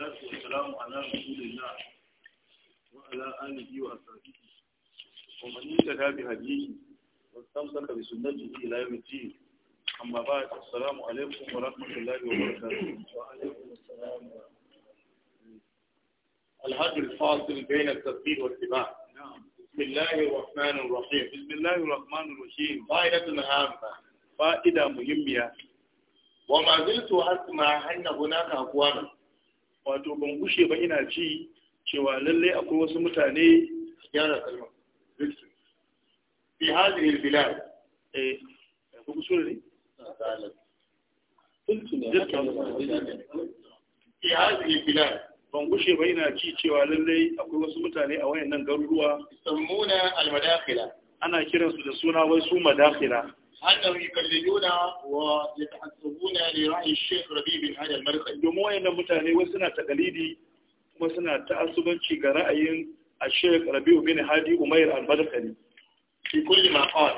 والسلام على رسول الله وعلى آله وأصحابه ومن يتبع بهديه واستمسك بسنته إلى يوم الدين أما بعد السلام عليكم ورحمة الله وبركاته وعليكم السلام ورحمة الله الهدي الفاصل بين التطبيق والاتباع نعم. بسم الله الرحمن الرحيم بسم الله الرحمن الرحيم فائدة هامة فائدة مهمة وما زلت أسمع أن هناك أقواما wato ban gushe ba ina ci cewa lallai akwai wasu mutane kalma eh ne ban gushe ba ina ci cewa lallai akwai wasu mutane a wayannan garuruwa ana kiransu da suna wai su madakila. أنهم يكللون ويتحسبون لرأي الشيخ ربيع بن هذا المرقد domin wayannan mutane wasu suna takalidi kuma suna ta'assubanci ga ra'ayin الشيخ ربيع بن هادي أمير المرقدي في كل ما قال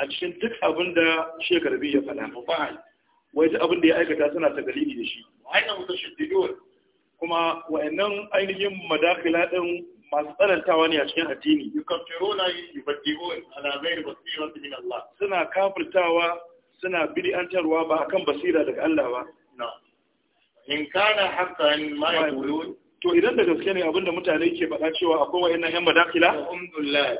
a cikin duk abin da Sheikh Rabi ya faɗa wai duk abin da ya aikata suna ta da shi kuma ainihin madakila ɗin. masu tsanantawa ne a cikin addini yukaffiruna yubaddi'un ala ghairi basirati min Allah suna kafirtawa suna bid'antarwa ba akan basira daga Allah ba in kana haqqan ma yaqulun to idan da gaske ne abinda mutane ke faɗa cewa akwai wayannan yan madakila alhamdulillah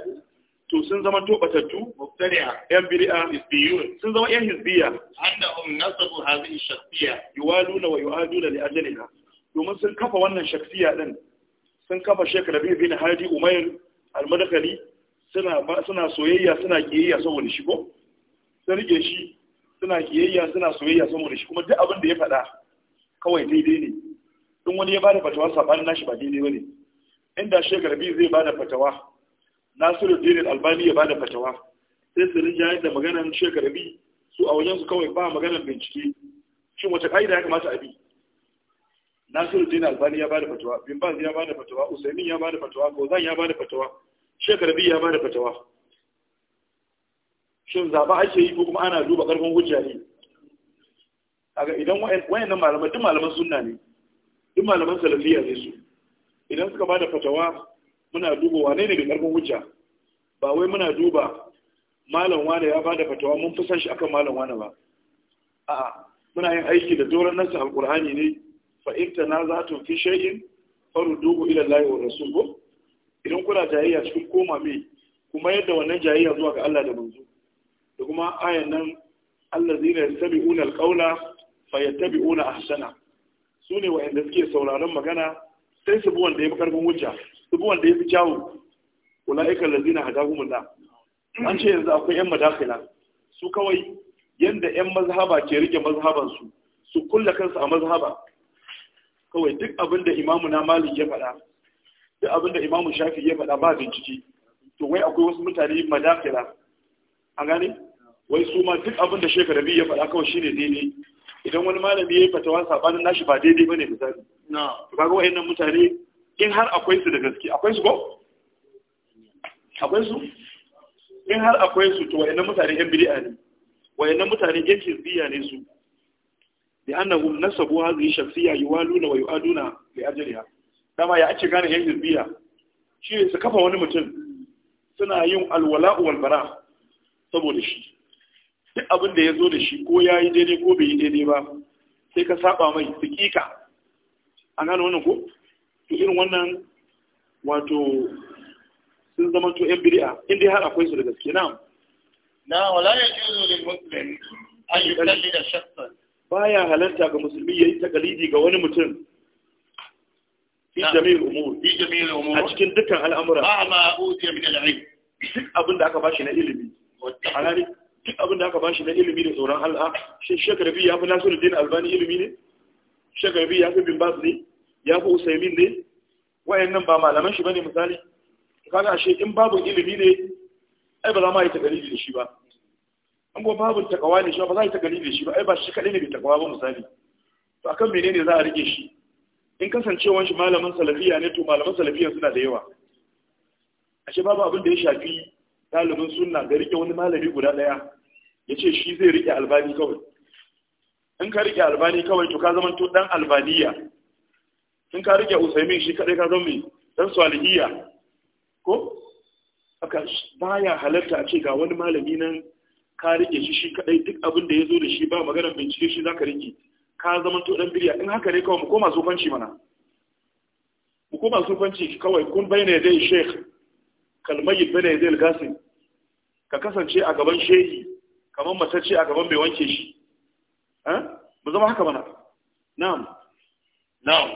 to sun zama tobatattu mubtadi'a yan bid'a hisbiyun sun zama yan hisbiya annahum nasabu hadhihi shakhsiyya yuwaluna wa yu'aduna li ajliha domin sun kafa wannan shakhsiyya din sun kafa shek Rabi bin Hadi Umair al suna suna soyayya suna kiyayya saboda shi ko sun rike shi suna kiyayya suna soyayya saboda shi kuma duk abin da ya faɗa kawai daidai ne in wani ya bada fatawa sabanin nashi ba daidai bane inda shek Rabi zai bada fatawa Nasiruddin Albani ya bada fatawa sai su rinjaye da maganar shek Rabi su a wajen su kawai ba maganar bincike shin wace kaida ya kamata a bi Nasiruddin Albani ya bada fatawa bin Baz ya bada fatawa Usaimin ya bada fatawa Gozan ya bada fatawa Sheikh Rabi ya bada fatawa shin zaba ake yi ko kuma ana duba karfin hujja ne Aga idan wayannan malaman duk malaman sunna ne duk malaman salafiya ne su idan suka bada fatawa muna duba wane ne da karfin hujja ba wai muna duba malam wane ya bada fatawa mun fi san shi akan malam wane ba a'a muna yin aiki da doron nasu alkur'ani ne fa na za ta fi shay'in dubu ila Allah wa rasul idan kuna jayayya cikin koma mai kuma yadda wannan jayayya zuwa ga Allah da manzo da kuma ayan nan Allah allazina yastabi'una alqawla fayattabi'una ahsana sune wa'anda suke sauraron magana sai su bi wanda yafi karfin hujja su bi wanda yafi jawo ulaika allazina hadahumullah an ce yanzu akwai yan madakila su kawai yanda yan mazhaba ke rike mazhabansu, su su kulla kansu a mazhaba kawai duk abin da imamu na malik ya faɗa duk abin da imamu shafi ya faɗa ba bincike to wai akwai wasu mutane madakira a gane wai su ma duk abin da shekara biyu ya faɗa kawai shine daidai idan wani malami ya yi fatawa sabanin nashi ba daidai bane misali Na kaga wayannan mutane in har akwai su da gaske akwai su ko akwai su in har akwai su to wayannan mutane yan bid'a ne wayannan mutane yan hizbiya ne su da annahum nasabu hadhihi shakhsiyya yuwaluna wa yu'aduna li ajliha dama ya ake gane yan hizbiya shi su kafa wani mutum suna yin alwala wal saboda shi duk abin ya zo da shi ko ya yi daidai ko bai yi daidai ba sai ka saba mai hakika an gane wannan ko to irin wannan wato sun zama to yan bid'a in dai har akwai su da gaske na na wala ya juzu lil muslim an yukallida shakhsan baya halarta ga musulmi yayi takalidi ga wani mutum fi jami'il umur fi jami'il umur a cikin dukkan al'amura ba ma utiya min al'ilm duk abin da aka bashi na ilimi alani duk abin da aka bashi na ilimi da tsoron Allah shi biyu ya fi Nasiruddin Albani ilimi ne biyu ya fi bin Baz ne ya fi Usaimin ne wayannan ba malaman shi bane misali kaga ashe in babu ilimi ne ai ba za mu yi takalidi da shi ba an go babu takawa ne shi ba za a yi da shi ba ai ba shi kadai ne bai takawa ba misali to akan menene za a rike shi in kasancewar shi malamin salafiya ne to malaman salafiya suna da yawa ashe babu abin da ya shafi dalibin sunna da rike wani malami guda ɗaya ya ce shi zai rike albani kawai in ka rike albani kawai to ka zama to dan albaniya in ka rike usaimin shi kaɗai ka zama dan salihiya ko aka baya halatta a ce ga wani malami nan ka rike shi shi kadai duk abin da ya zo da shi ba magana bincike shi zaka rike ka zama to dan biriya in haka ne kawai mu koma sofanci mana mu koma sufanci kawai kun bayyana dai sheikh kalmayi bayyana ya al gasin ka kasance a gaban shehi kamar matacce a gaban mai wanke shi eh? mu zama haka mana na'am na'am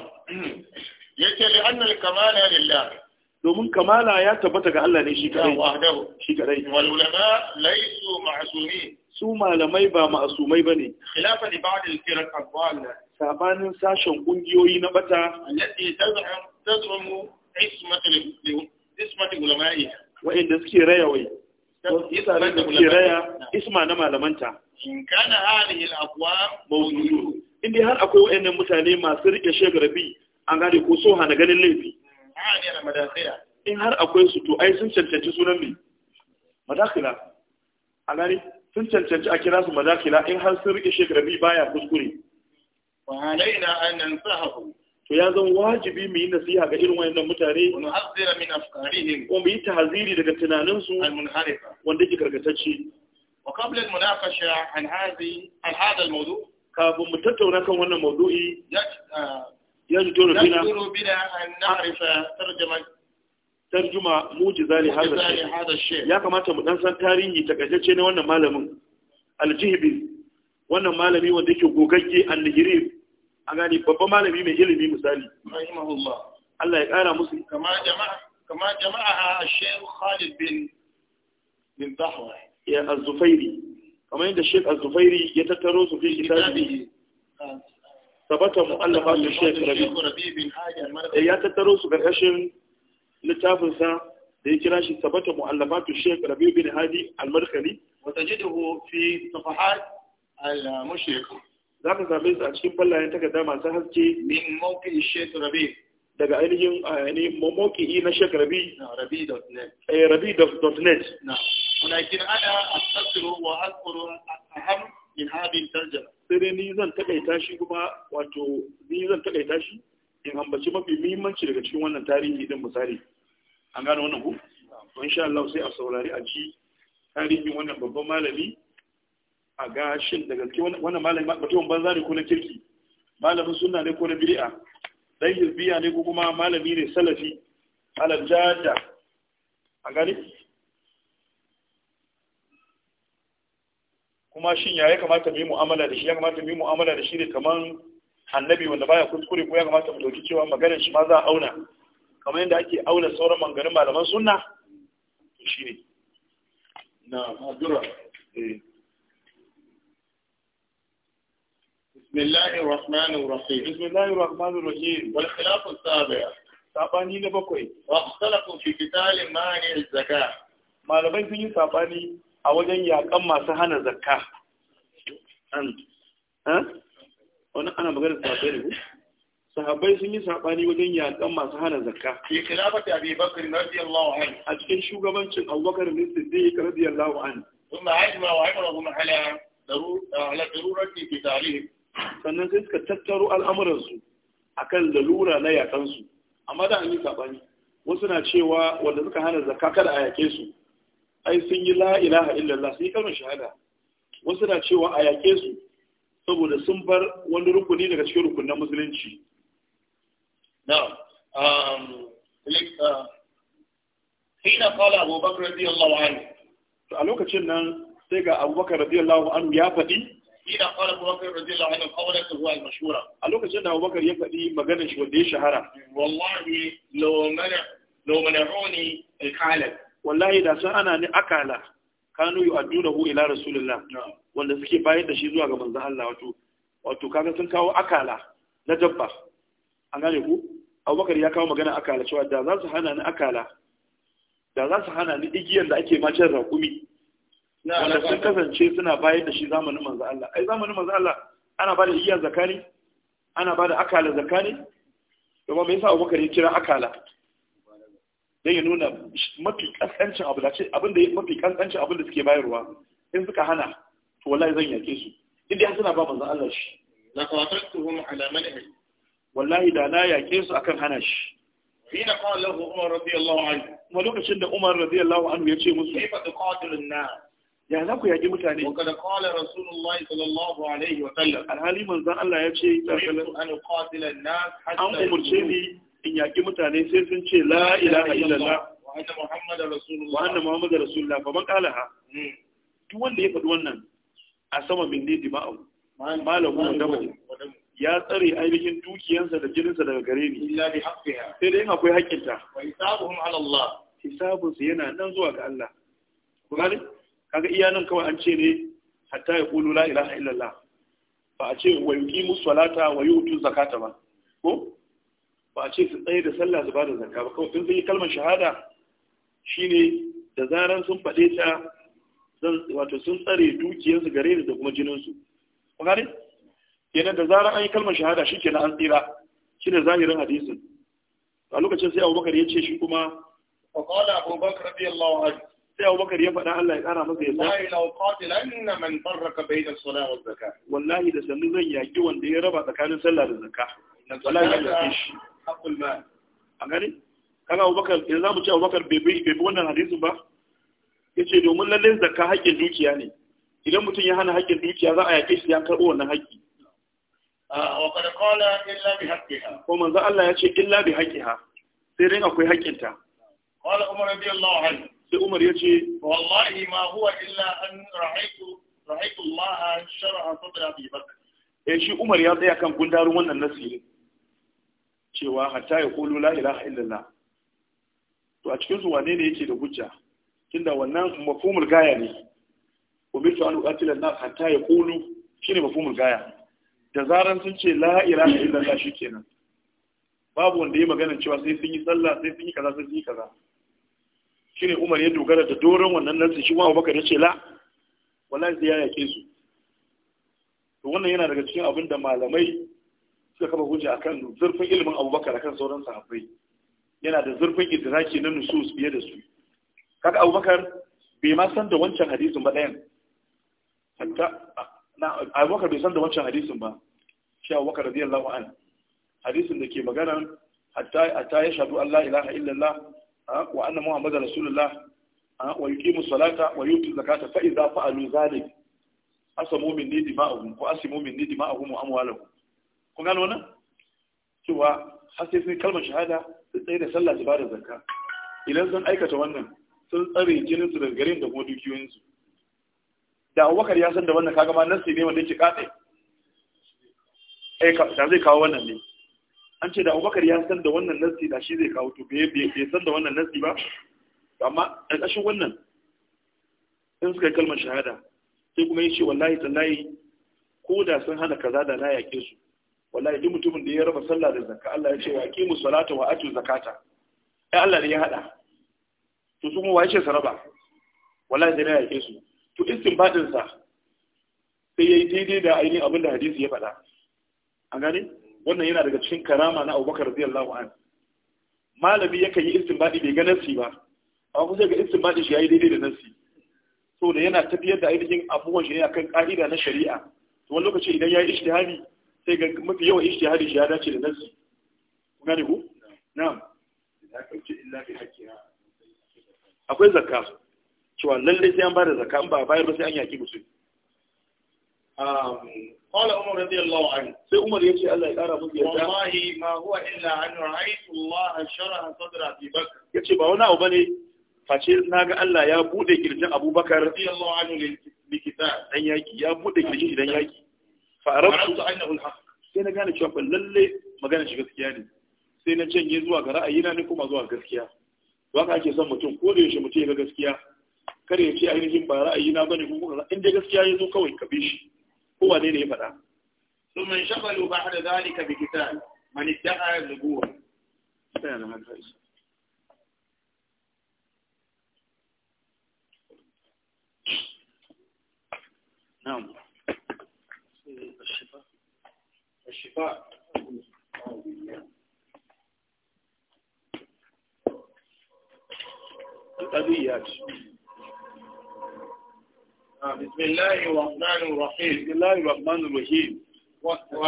yake li al kamala lillah domin kamala ya tabbata ga Allah ne shi kadai shi kadai wal ulama laysu ma'sumin su malamai ba ma'asumai bane khilafan li ba'd al firq ad-dalla sabanin sashen kungiyoyi na bata allati taz'am taz'amu ismatul ismatul ulama'i wa inda suke raya wai mutanen da suke raya isma na malamanta in kana hadhihi al-aqwam mawdu'u indai har akwai wayannan mutane masu rike shagarabi an gane ko so hana ganin laifi in har akwai su to ai sun cancanci sunan ne a gani sun cancanci a kira su in har sun rike shekara baya kuskure wa ya zan wajibi mu yi nasiha ga irin wayannan mutane ko yi tahziri daga tunanin su wanda ke karkatacce kafin mu tattauna kan wannan mawdu'i ah, يجدر بنا يجدر tarjuma mujiza li hada shay ya kamata mu dan san tarihi takaitacce ne wannan malamin aljihbi wannan malami wanda yake gogagge annihirib a gani babban malami mai ilimi misali rahimahullah Allah ya kara musu kama jama'a kama jama'a bin bin Dahwa ya az yadda Sheikh az ya tattaro su fi kitabihi sabata mu'allafa da shek rabi da eh, ya tattaro su karkashin littafinsa da ya kira shi sabata mu'allafa da shek rabi bin hadi almarkali wata ji dahu fi safahat al-mushrik za ka same su a cikin fallayen takarda masu haske min mawqi shek rabi daga ainihin ainihin mawqi na shek rabi rabi.net eh rabi.net na walakin ana astasiru wa azkuru aham min hadhihi al-tarjama sai dai ni zan takaita shi kuma wato ni zan takaita shi in ambaci mafi muhimmanci daga cikin wannan tarihi din misali an gane wannan ku to insha Allah sai a saurari a ji tarihin wannan babban malami a gashin daga cikin wannan malami mutum banza ne ko na kirki malamin sunna ne ko na bid'a dan hizbiya ne ko kuma malami ne salafi alal jada a gani kuma shin ya kamata mu yi mu'amala da shi ya kamata mu yi mu'amala da shi ne kaman annabi wanda baya kuskure ko ya kamata mu dauki cewa maganar shi ma za a auna kamar yadda ake auna sauran manganin malaman sunna to ne na madura eh بسم الله الرحمن الرحيم بسم الله الرحمن الرحيم والخلاف السابع sabani na bakwai wa ikhtalafu fi qital mani az-zakah malamai sun yi sabani a wajen yakan masu hana zakka wani ana magana sahabbai ne ku sahabbai sun yi sabani wajen yakan masu hana zakka fi khilafati abi bakr radiyallahu anhu a cikin shugabancin abubakar ne siddiq radiyallahu anhu kuma ajma wa amrahum ala daru sannan sai suka tattaro al'amuransu a kan lalura na yakan amma da an yi sabani wasu na cewa wanda suka hana zakka kada a yake su ai sun yi la'ilaha illallah sun yi kalmar shahada wasu na cewa a yaƙe su saboda sun bar wani rukuni daga cikin rukunan musulunci na'am um, uh, radiyallahu anhu a lokacin nan sai ga abubakar Bakr radiyallahu anhu ya faɗi a lokacin da abubakar ya faɗi maganin shi wanda ya shahara wallahi law mana al wallahi da sun ana ni akala kanu yu addunahu ila rasulillah wanda suke bayar da shi zuwa ga manzon Allah wato wato kaga sun kawo akala na dabba an gane ku Abubakar ya kawo magana akala cewa da za su hana ni akala da za su hana ni igiyar da ake macin raƙumi wanda sun kasance suna bayar da shi zamanin manzo Allah ai zamanin manzo Allah ana bada igiyar zakani ana bada akala zakani to ba me yasa Abubakar ya kira akala sai ya nuna mafi kasancin abu da ce abin da mafi kasancin abin da suke bayarwa in suka hana to wallahi zan yake su inda ya suna ba manzo Allah shi la qatartuhum ala manhi wallahi da na yake su akan hana shi hina qala lahu umar radiyallahu anhu kuma lokacin da umar radiyallahu anhu ya ce musu kaifa tuqatilun nas ya za ku yaƙi mutane wa kada qala rasulullahi sallallahu alaihi wa sallam alhali manzon Allah ya ce an umurce ni in yaƙi mutane sai sun ce la ilaha illallah wa anna muhammadar rasulullah wa rasulullah fa man qala ha hmm. duk wanda ya faɗi wannan a sama min ne dima'u malahu wa ya tsare ainihin dukiyansa da jininsa daga gare ni Sai da yin sai dai akwai haƙƙinta wa yana nan zuwa ga Allah kuma ne kaga iya nan kawai an ce ne hatta ya qulu la ilaha illallah ba a ce wa yuqimu salata wa yu'tu zakata ba ko ba ce su tsaye da sallah su ba da zakka ba kawai sun yi kalmar shahada shine da zaran sun faɗe ta wato sun tsare dukiyarsu gare ni da kuma jininsu ku gane kenan da zaran an yi kalmar shahada na an tsira shine zahirin hadisin a lokacin sai Abubakar ya ce shi kuma fa qala Abubakar radiyallahu anhu sai Abubakar ya faɗa Allah ya ƙara masa yasa wallahi law qatilanna man farraqa bayna as-salati waz-zakah wallahi da sanin zan yaki wanda ya raba tsakanin sallah da zakka wallahi ya yaki shi haqqul mal an gani kaga Abubakar idan mu ce Abubakar bai bai wannan hadisin ba Ya ce domin lalle zakka haƙƙin dukiya ne idan mutum ya hana haƙƙin dukiya za a yake shi ya karɓo wannan haƙƙi wa qad qala illa bi haqqiha ko manzo Allah ya ce illa bi haqqiha sai dai akwai haƙƙinta qala umar radiyallahu anhu sai umar ya ce wallahi ma huwa illa an ra'aytu ra'aytu Allah shar'a sadra bi bakr eh shi umar ya tsaya kan gundarun wannan nasiri cewa hatta ya kulu la ilaha illallah to a cikin su wane ne yake da hujja tunda wannan mafhumul gaya ne umirtu an uqatila an hatta ya kulu shine mafhumul gaya da zaran sun ce la ilaha illallah shikenan babu wanda ya magana cewa sai sun yi sallah sai sun yi kaza sai sun yi kaza shine Umar ya dogara da doron wannan nan shi kuma Abubakar ya ce la wallahi sai ya yake su to wannan yana daga cikin abin da malamai suka kafa hujja akan zurfin ilimin abubakar akan sauran sahabbai yana da zurfin idraki na nusus fiye da su kaga abubakar bai ma san da wancan hadisin ba ɗayan abubakar bai san da wancan hadisin ba shi abubakar radiyallahu an hadisin da ke magana hatta ya shaɗu Allah ilaha illallah wa anna muhammad rasulullah wa yuqimu salata wa yutu zakata fa idza fa'alu zalik asamu minni dima'ahum wa asimu minni dima'ahum wa amwalahum kun gano wannan cewa har sai sun kalmar shahada su tsaye da sallah su bada zakka idan sun aikata wannan sun tsare jinin su daga garin da kuma dukiyoyin su da Abubakar ya san da wannan kaga ma nasi ne wanda yake kaɗe eh ka zai kawo wannan ne an ce da Abubakar ya san da wannan nasi da shi zai kawo to bai bai san da wannan nasi ba amma a ƙarshen wannan in suka yi kalmar shahada sai kuma ya ce wallahi tallahi ko da sun hana kaza da na yaƙe su wallahi duk mutumin da ya raba sallah da zakka Allah ya ce wa aqimu salata wa atu zakata ai Allah ne ya hada to su kuma wa yace saraba wallahi da ya yake su to istinbadin sa sai yayi daidai da ainihin abin da hadisi ya faɗa an gane wannan yana daga cikin karama na Abubakar radiyallahu anhu malami yakan yi istinbadi bai ga nasi ba amma kusa ga istinbadi shi yayi daidai da nasi da yana tafiyar da ainihin abubuwan shi ne akan ka'ida na shari'a to wani lokaci idan yayi ijtihadi sai ga mafi yawan hari shi ya dace da nassi kun gane ku Na. illa fi na'am akwai zakka cewa lallai sai an ba da zakka an ba bayar ba sai an yaki musulmi قال عمر رضي الله عنه سي عمر يجي الله يقرا من يدا والله ما هو الا ان رايت الله شرح صدر ابي بكر يجي ba wani abu bane face naga Allah ya bude kirjin Abubakar radiyallahu anhu likita dan yaki ya bude kirjin dan yaki fa'arabtu ainihu alhaq sai na gane cewa lalle magana shi gaskiya ne sai na canje zuwa ga ra'ayina ne kuma zuwa gaskiya don haka ake son mutum ko da yaushe mutum ya ga gaskiya kar ya ce ainihin ba ra'ayina bane ko kuma in dai gaskiya ya zo kawai ka bi shi ko wane ne ya faɗa ثم انشغلوا بعد ذلك بقتال من ادعى النبوة نعم الشفاء آه، بسم الله الرحمن الرحيم بسم الله الرحمن الرحيم و الفصل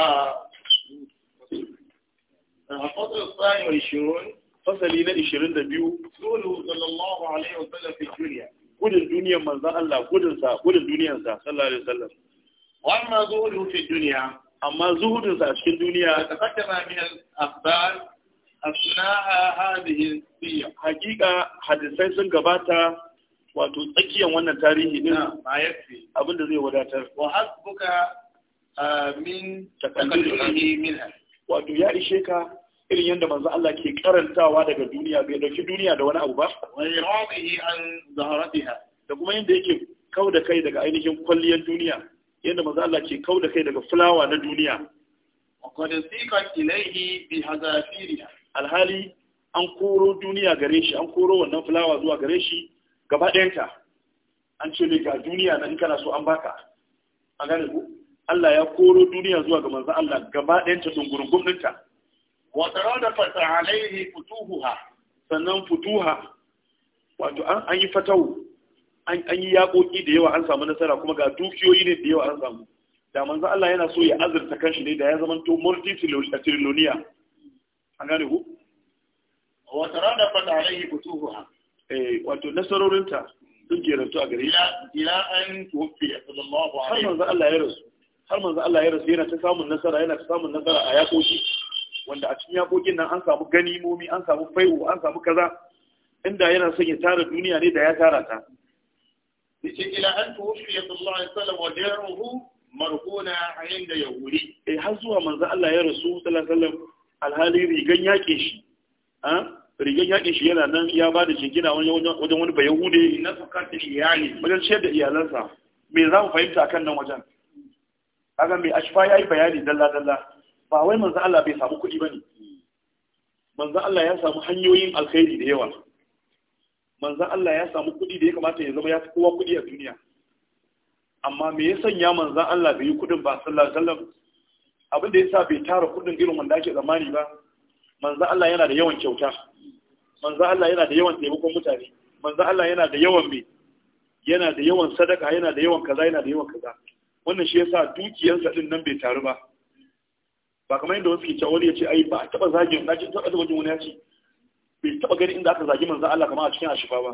آه، الثاني والعشرون فصل إلى عشرين دبيو قوله صلى الله عليه وسلم في الدنيا قل الدنيا من ذا الله قل الدنيا صلى الله عليه وسلم وما قوله في الدنيا amma zuhudinsa a cikin duniya da taqaddama min al-akhbar asnaha hadhihi siyya hakika hadisai sun gabata wato tsakiyar wannan tarihi din abinda zai wadatar wa hasbuka ah, min taqaddumihi minha wato ya ishe ka irin yadda manzo Allah ke karantawa daga duniya bai dauki duniya da wani abu ba wa iradihi an zaharatiha da kuma yadda yake kau da kai daga ainihin kwalliyar duniya yadda maza Allah ke da kai daga fulawa na duniya وقد ilaihi bi hazafiriya. alhali an koro duniya gare shi an koro wannan fulawa zuwa gare shi gaba ɗayanta an ce ne ga duniya na in kana so an baka a gane ku Allah ya koro duniya zuwa ga maza Allah gaba ɗayanta gurin ɗinta wa tarada fasa alaihi futuhuha sannan futuha wato an yi fatawu an yi yaƙoƙi da yawa an samu nasara kuma ga dukiyoyi ne da yawa an samu da manzo Allah yana so ya azurta kanshi ne da ya zama to multi trillionia an gane ku wa tarada fa alaihi butuha eh wato nasarorinta sun jerantu a gare shi ila an tuwfi sallallahu alaihi har manzo Allah ya rasu har manzo Allah ya rasu yana ta samun nasara yana ta samun nasara a yaƙoƙi wanda a cikin yaƙoƙin nan an samu ganimomi an samu faiwo an samu kaza inda yana son ya tara duniya ne da ya tara ta yace ila an tuwfi sallallahu alaihi wasallam wa daruhu marhuna inda yahudi eh har zuwa manzo Allah ya rasu sallallahu alaihi wasallam alhali rigan yakin shi a rigan yakin shi yana nan ya bada shingina wajen wani bayahude na fukatin iyali wajen ciyar da iyalansa me za mu fahimta akan nan wajen kaga mai ashfa yayi bayani dalla dalla ba wai manzo Allah bai samu kuɗi bane manzo Allah ya samu hanyoyin alkhairi da yawa manzan Allah ya samu kuɗi da ya kamata ya zama ya fi kowa kuɗi a duniya amma me ya sanya manzan Allah bai yi kuɗin ba sallar sallar abinda ya sa bai tara kuɗin irin wanda ake zamani ba manzan Allah yana da yawan kyauta manzan Allah yana da yawan taimakon mutane manzan Allah yana da yawan me yana da yawan sadaka yana da yawan kaza yana da yawan kaza wannan shi ya sa dukiyarsa din nan bai taru ba ba kamar yadda wasu ke cewa wani ya ce ai ba a taɓa zagin na ce taɓa wajen wani ya ce bai taba gani inda aka zagi manzan Allah kamar a cikin ashifa ba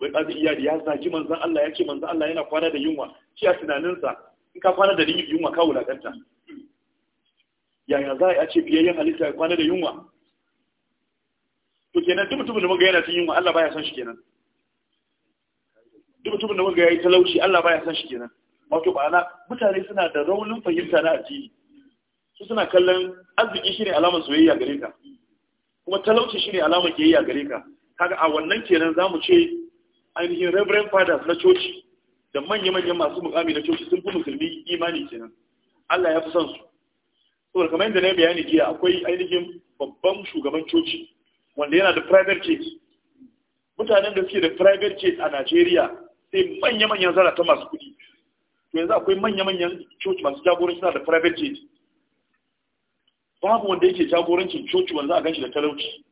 wai kazi iyali ya zagi manzan Allah ya ce manzan Allah yana kwana da yunwa shi a tunaninsa in ka kwana da yunwa ka wulakanta yaya za a ce biyayyen halitta ya kwana da yunwa to kenan duk mutumin da muga yana cin yunwa Allah baya son shi kenan duk mutumin da muga yayi talauci Allah baya son shi kenan wato ba'ana mutane suna da raunin fahimta na addini su suna kallon arziki shine alamar soyayya gare ka kuma talauci shine alamar kiyayya gare ka kaga a wannan kenan zamu ce ainihin reverend fathers na coci da manya-manyan masu mukami na coci sun fi musulmi imani kenan Allah ya fi son su saboda kamar yadda na bayani jiya akwai ainihin babban shugaban coci wanda yana da private case mutanen da suke da private case a Najeriya sai manya-manyan zarata masu kuɗi to yanzu akwai manya-manyan coci masu jagoranci suna da private case babu wanda yake jagorancin coci wanda za a ganshi da talauci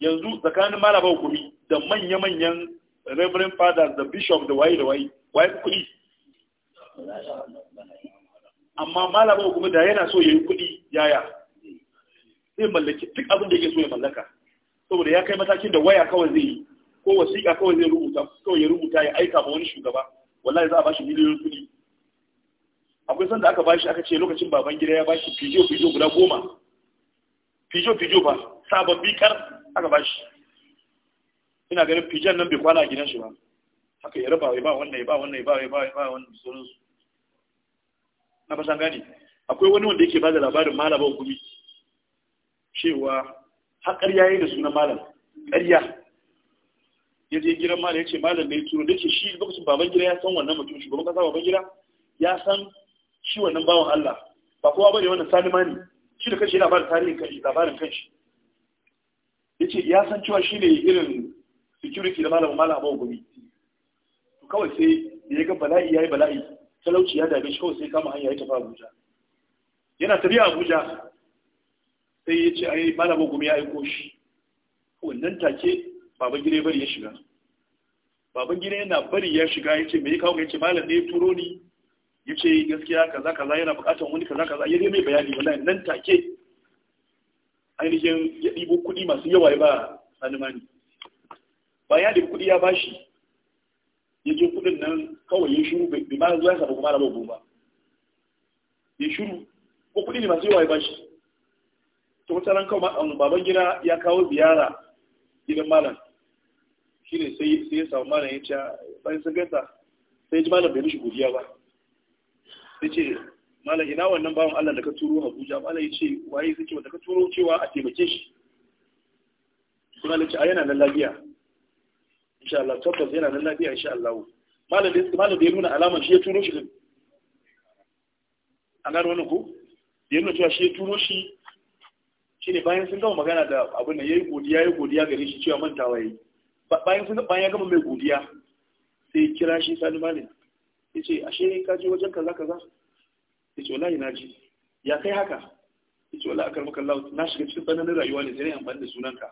yanzu tsakanin malaba hukumi da manya-manyan reverend fathers da bishop da waye da waye waye kuɗi amma malaba hukumi da yana so ya yi kuɗi yaya zai mallaki duk abin da yake so ya mallaka saboda ya kai matakin da waya kawai zai yi ko wasiƙa kawai zai rubuta kawai ya rubuta ya aika ma wani shugaba wallahi za a bashi miliyoyin kuɗi akwai sanda aka bashi aka ce lokacin baban gida ya bashi fijo fijo guda goma fijo fijo ba sabon bikar aka bashi ina ganin fijan nan bai kwana a gidan shi ba haka ya raba ya ba wannan ya ba wannan ya ba ya ba ya ba wannan sauran na fasan gane akwai wani wanda yake bada labarin malaba gumi cewa har ƙarya yi da sunan malam ƙarya ya je gidan malam ya ce malam ne turo da ke shi lokacin baban gida ya san wannan mutum shugaban kasa baban gida ya san shi wannan bawan Allah ba kowa bane wannan salima ne shi da kashi yana ba da tarihin kashi labarin ya ce ya san cewa shi ne irin security da malamin malam Abu Gumi kawai sai ya ga bala'i ya yi bala'i talauci ya dabe shi kawai sai kama hanya ya tafi Abuja yana tafiya Abuja sai ya ce ai malamin Gumi ya aiko shi wannan take baban gida bari ya shiga baban gida yana bari ya shiga ya ce me ya kawo ya ce malam ne ya turo ni ya ce gaskiya kaza kaza yana bukatar wani kaza kaza ya mai bayani wallahi nan take ainihin ya ɗibo kuɗi masu yawa ya ba sanimani ba ya ɗibi kuɗi ya bashi ya je kuɗin nan kawai ya shuru bai ma zuwa ya kuma alamar goma ya shuru ko kuɗi ne masu yawa ya bashi ta wata ran kawai um, baban gida ya kawo ziyara gidan malam shi ne sai ya samu malam ya ce bayan sun gaisa sai ya ji malam bai mishi godiya ba sai ce malam ina wannan bawan Allah da ka turo Abuja malam ya ce waye suke ce wanda ka turo cewa a taimake shi kuma ce a yana nan lafiya insha Allah tabbas yana nan lafiya insha Allah malam da malam da ya nuna alamar shi ya turo shi an gano wannan ko da ya nuna cewa shi ya turo shi shine bayan sun gama magana da abin da yayi godiya yayi godiya gare shi cewa mantawa yayi bayan sun bayan ya gama mai godiya sai kira shi Sani malam ya ce ashe ka je wajen kaza kaza ya ce wallahi na ji ya kai haka ya ce wallahi akar makallahu na shiga cikin tsananin rayuwa ne sai amfani da sunanka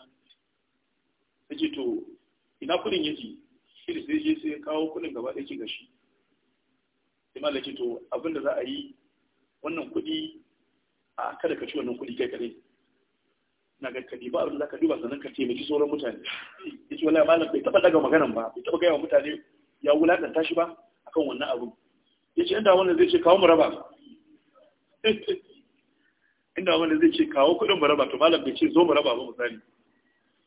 ya ce to ina kudin yake shi sai je sai kawo kudin gaba ɗaya ki gashi sai yace to abinda za a yi wannan kudi a kada ka ci wannan kudi kai kare na ga kadi ba abin da ka duba sannan ka taimaki sauran mutane ya ce wallahi malam bai taɓa daga maganan ba bai taɓa gaya wa mutane ya wulaƙanta shi ba akan wannan abu ya ce inda wannan zai ce kawo mu raba inda wannan zai ce kawo kuɗin mu raba to malam bai ce zo mu raba ba misali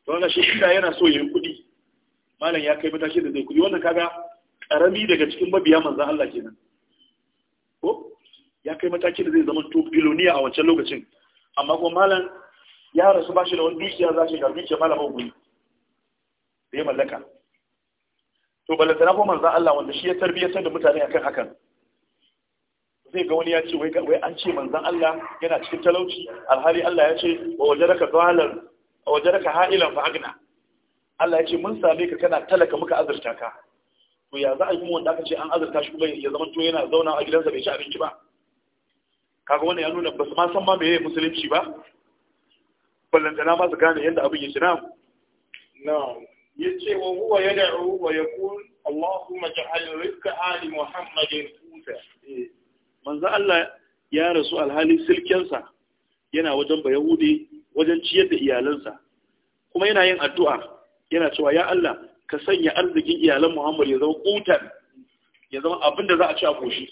to wannan shi inda yana so ya kudi kuɗi malam ya kai matashi da zai kuɗi wannan kaga karami daga cikin mabiya manzo Allah kenan ko ya kai mataki da zai zama to biloniya a wancan lokacin amma ko malam ya rasu ba shi da wani dukiya za shi ga dukiya malam oguri da ya mallaka to balantana ko manzan Allah wanda shi ya tarbiyyatar da mutane akan hakan zai ga wani ya ce wai an ce manzan Allah yana cikin talauci alhali Allah ya ce wa wajaraka zahalar wa wajaraka ha'ilan fa agna Allah ya ce mun same ka kana talaka muka azurta ka to ya za a yi wanda aka ce an azurta shi kuma ya zama to yana zauna a gidansa bai ci abinci ba kaga wannan ya nuna ba su ma san ma meye musulunci ba ballantana ma su gane yadda abin ya ci na yace wa huwa yad'u wa yaqul Allahumma ja'al rizqa ali Muhammadin quta manzo Allah ya rasu alhali silkensa yana wajen ba Yahudi wajen ciyar da iyalansa kuma yana yin addu'a yana cewa ya Allah ka sanya arzikin iyalan Muhammad ya zama kutar ya zama abin da za a ci a goshi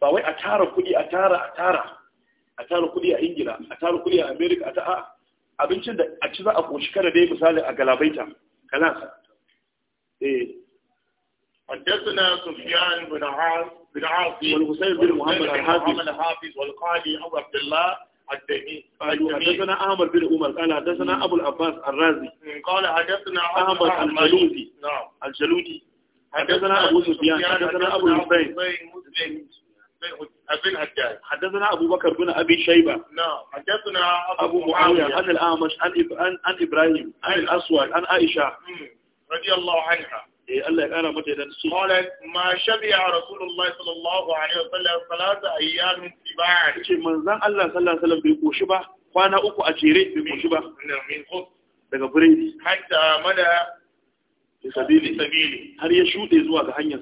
ba wai a tara kuɗi a tara a tara a tara kudi a Ingila a tara kuɗi a America a ta'a abincin da a ci za a goshi kada dai misali a galabaita خلاص إيه حدثنا سفيان بن عاص بن عاص والحسين بن محمد الحافظ الحافظ والقاضي أبو عبد الله طيب، حدثنا أحمد بن عمر قال حدثنا أبو العباس الرازي قال حدثنا أحمد الجلودي نعم الجلودي حدثنا أبو سفيان حدثنا أبو الحسين حدثنا أبو بكر بن أبي شيبة نعم حدثنا أبو معاوية عن الأعمش عن عن إبراهيم عن أيوه. الأسود عن عائشة رضي الله عنها قال إيه، الله يقرأ متى قالت ما شبع رسول الله صلى الله عليه وسلم ثلاثة أيام تباعا إيه، من ذن الله صلى الله عليه وسلم بيقول شبع فأنا أكو أجيري بيقول شبع من خبز daga biredi hatta mada سبيلي sabili har ya shude zuwa ga hanyar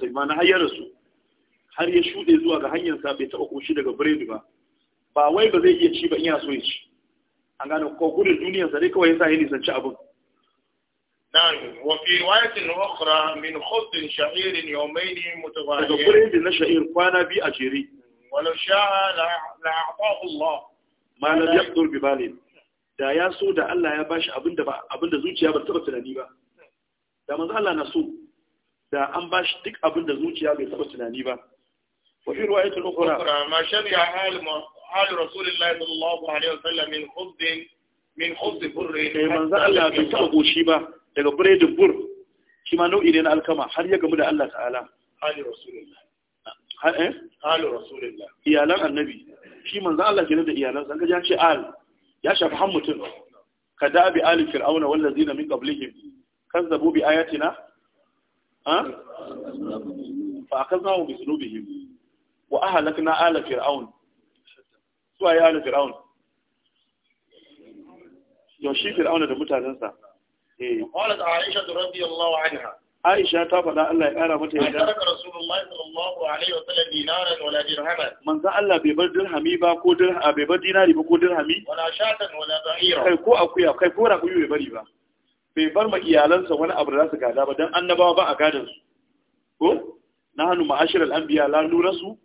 har ya shuɗe zuwa ga hanyarsa bai taɓa koshi daga biredi ba ba wai ba zai iya ci ba in yana so ya ci an gane ko gudun duniyarsa dai kawai sa ya nisanci abin نعم وفي رواية أخرى من خبز شعير يومين متغيرين بريد كان بي ولو شاء لأعطاه الله ما لم يقدر da ya so da Allah ya bashi abinda ba abinda zuciya ba ba da na so da an bashi duk abinda zuciya bai taba tunani ba وفي رواية أخرى ما شبه حال حال رسول الله صلى الله عليه وسلم من خبز من خبز بر من ذا الله شيبا daga biredin bur shi ma nau'i ne na alkama har ya gamu da Allah ta'ala hali rasulullah hali rasulullah iyalan annabi shi manzo Allah kenan da iyalan san ga ce al ya shafi han mutum da bi ali fir'auna wal min qablihim kazzabu bi ayatina ha fa akaznahu bi dhunubihim wa ahalakna ala fir'aun suwa ya ala fir'aun yaushe fir'aun da mutanensa eh qalat aisha radiyallahu anha Aisha ta faɗa Allah ya kara mata yadda. Ai Manzo Allah bai bar dirhami ba ko dirha bai bar dinari ba ko dirhami. Wala shatan wala za'ira. Kai ko akuya kai ko raƙuyu bai bari ba. Bai bar ma iyalansa wani abu da za su gada ba dan annabawa ba a gadan su. Ko? Na hannu ma'ashiral anbiya la nurasu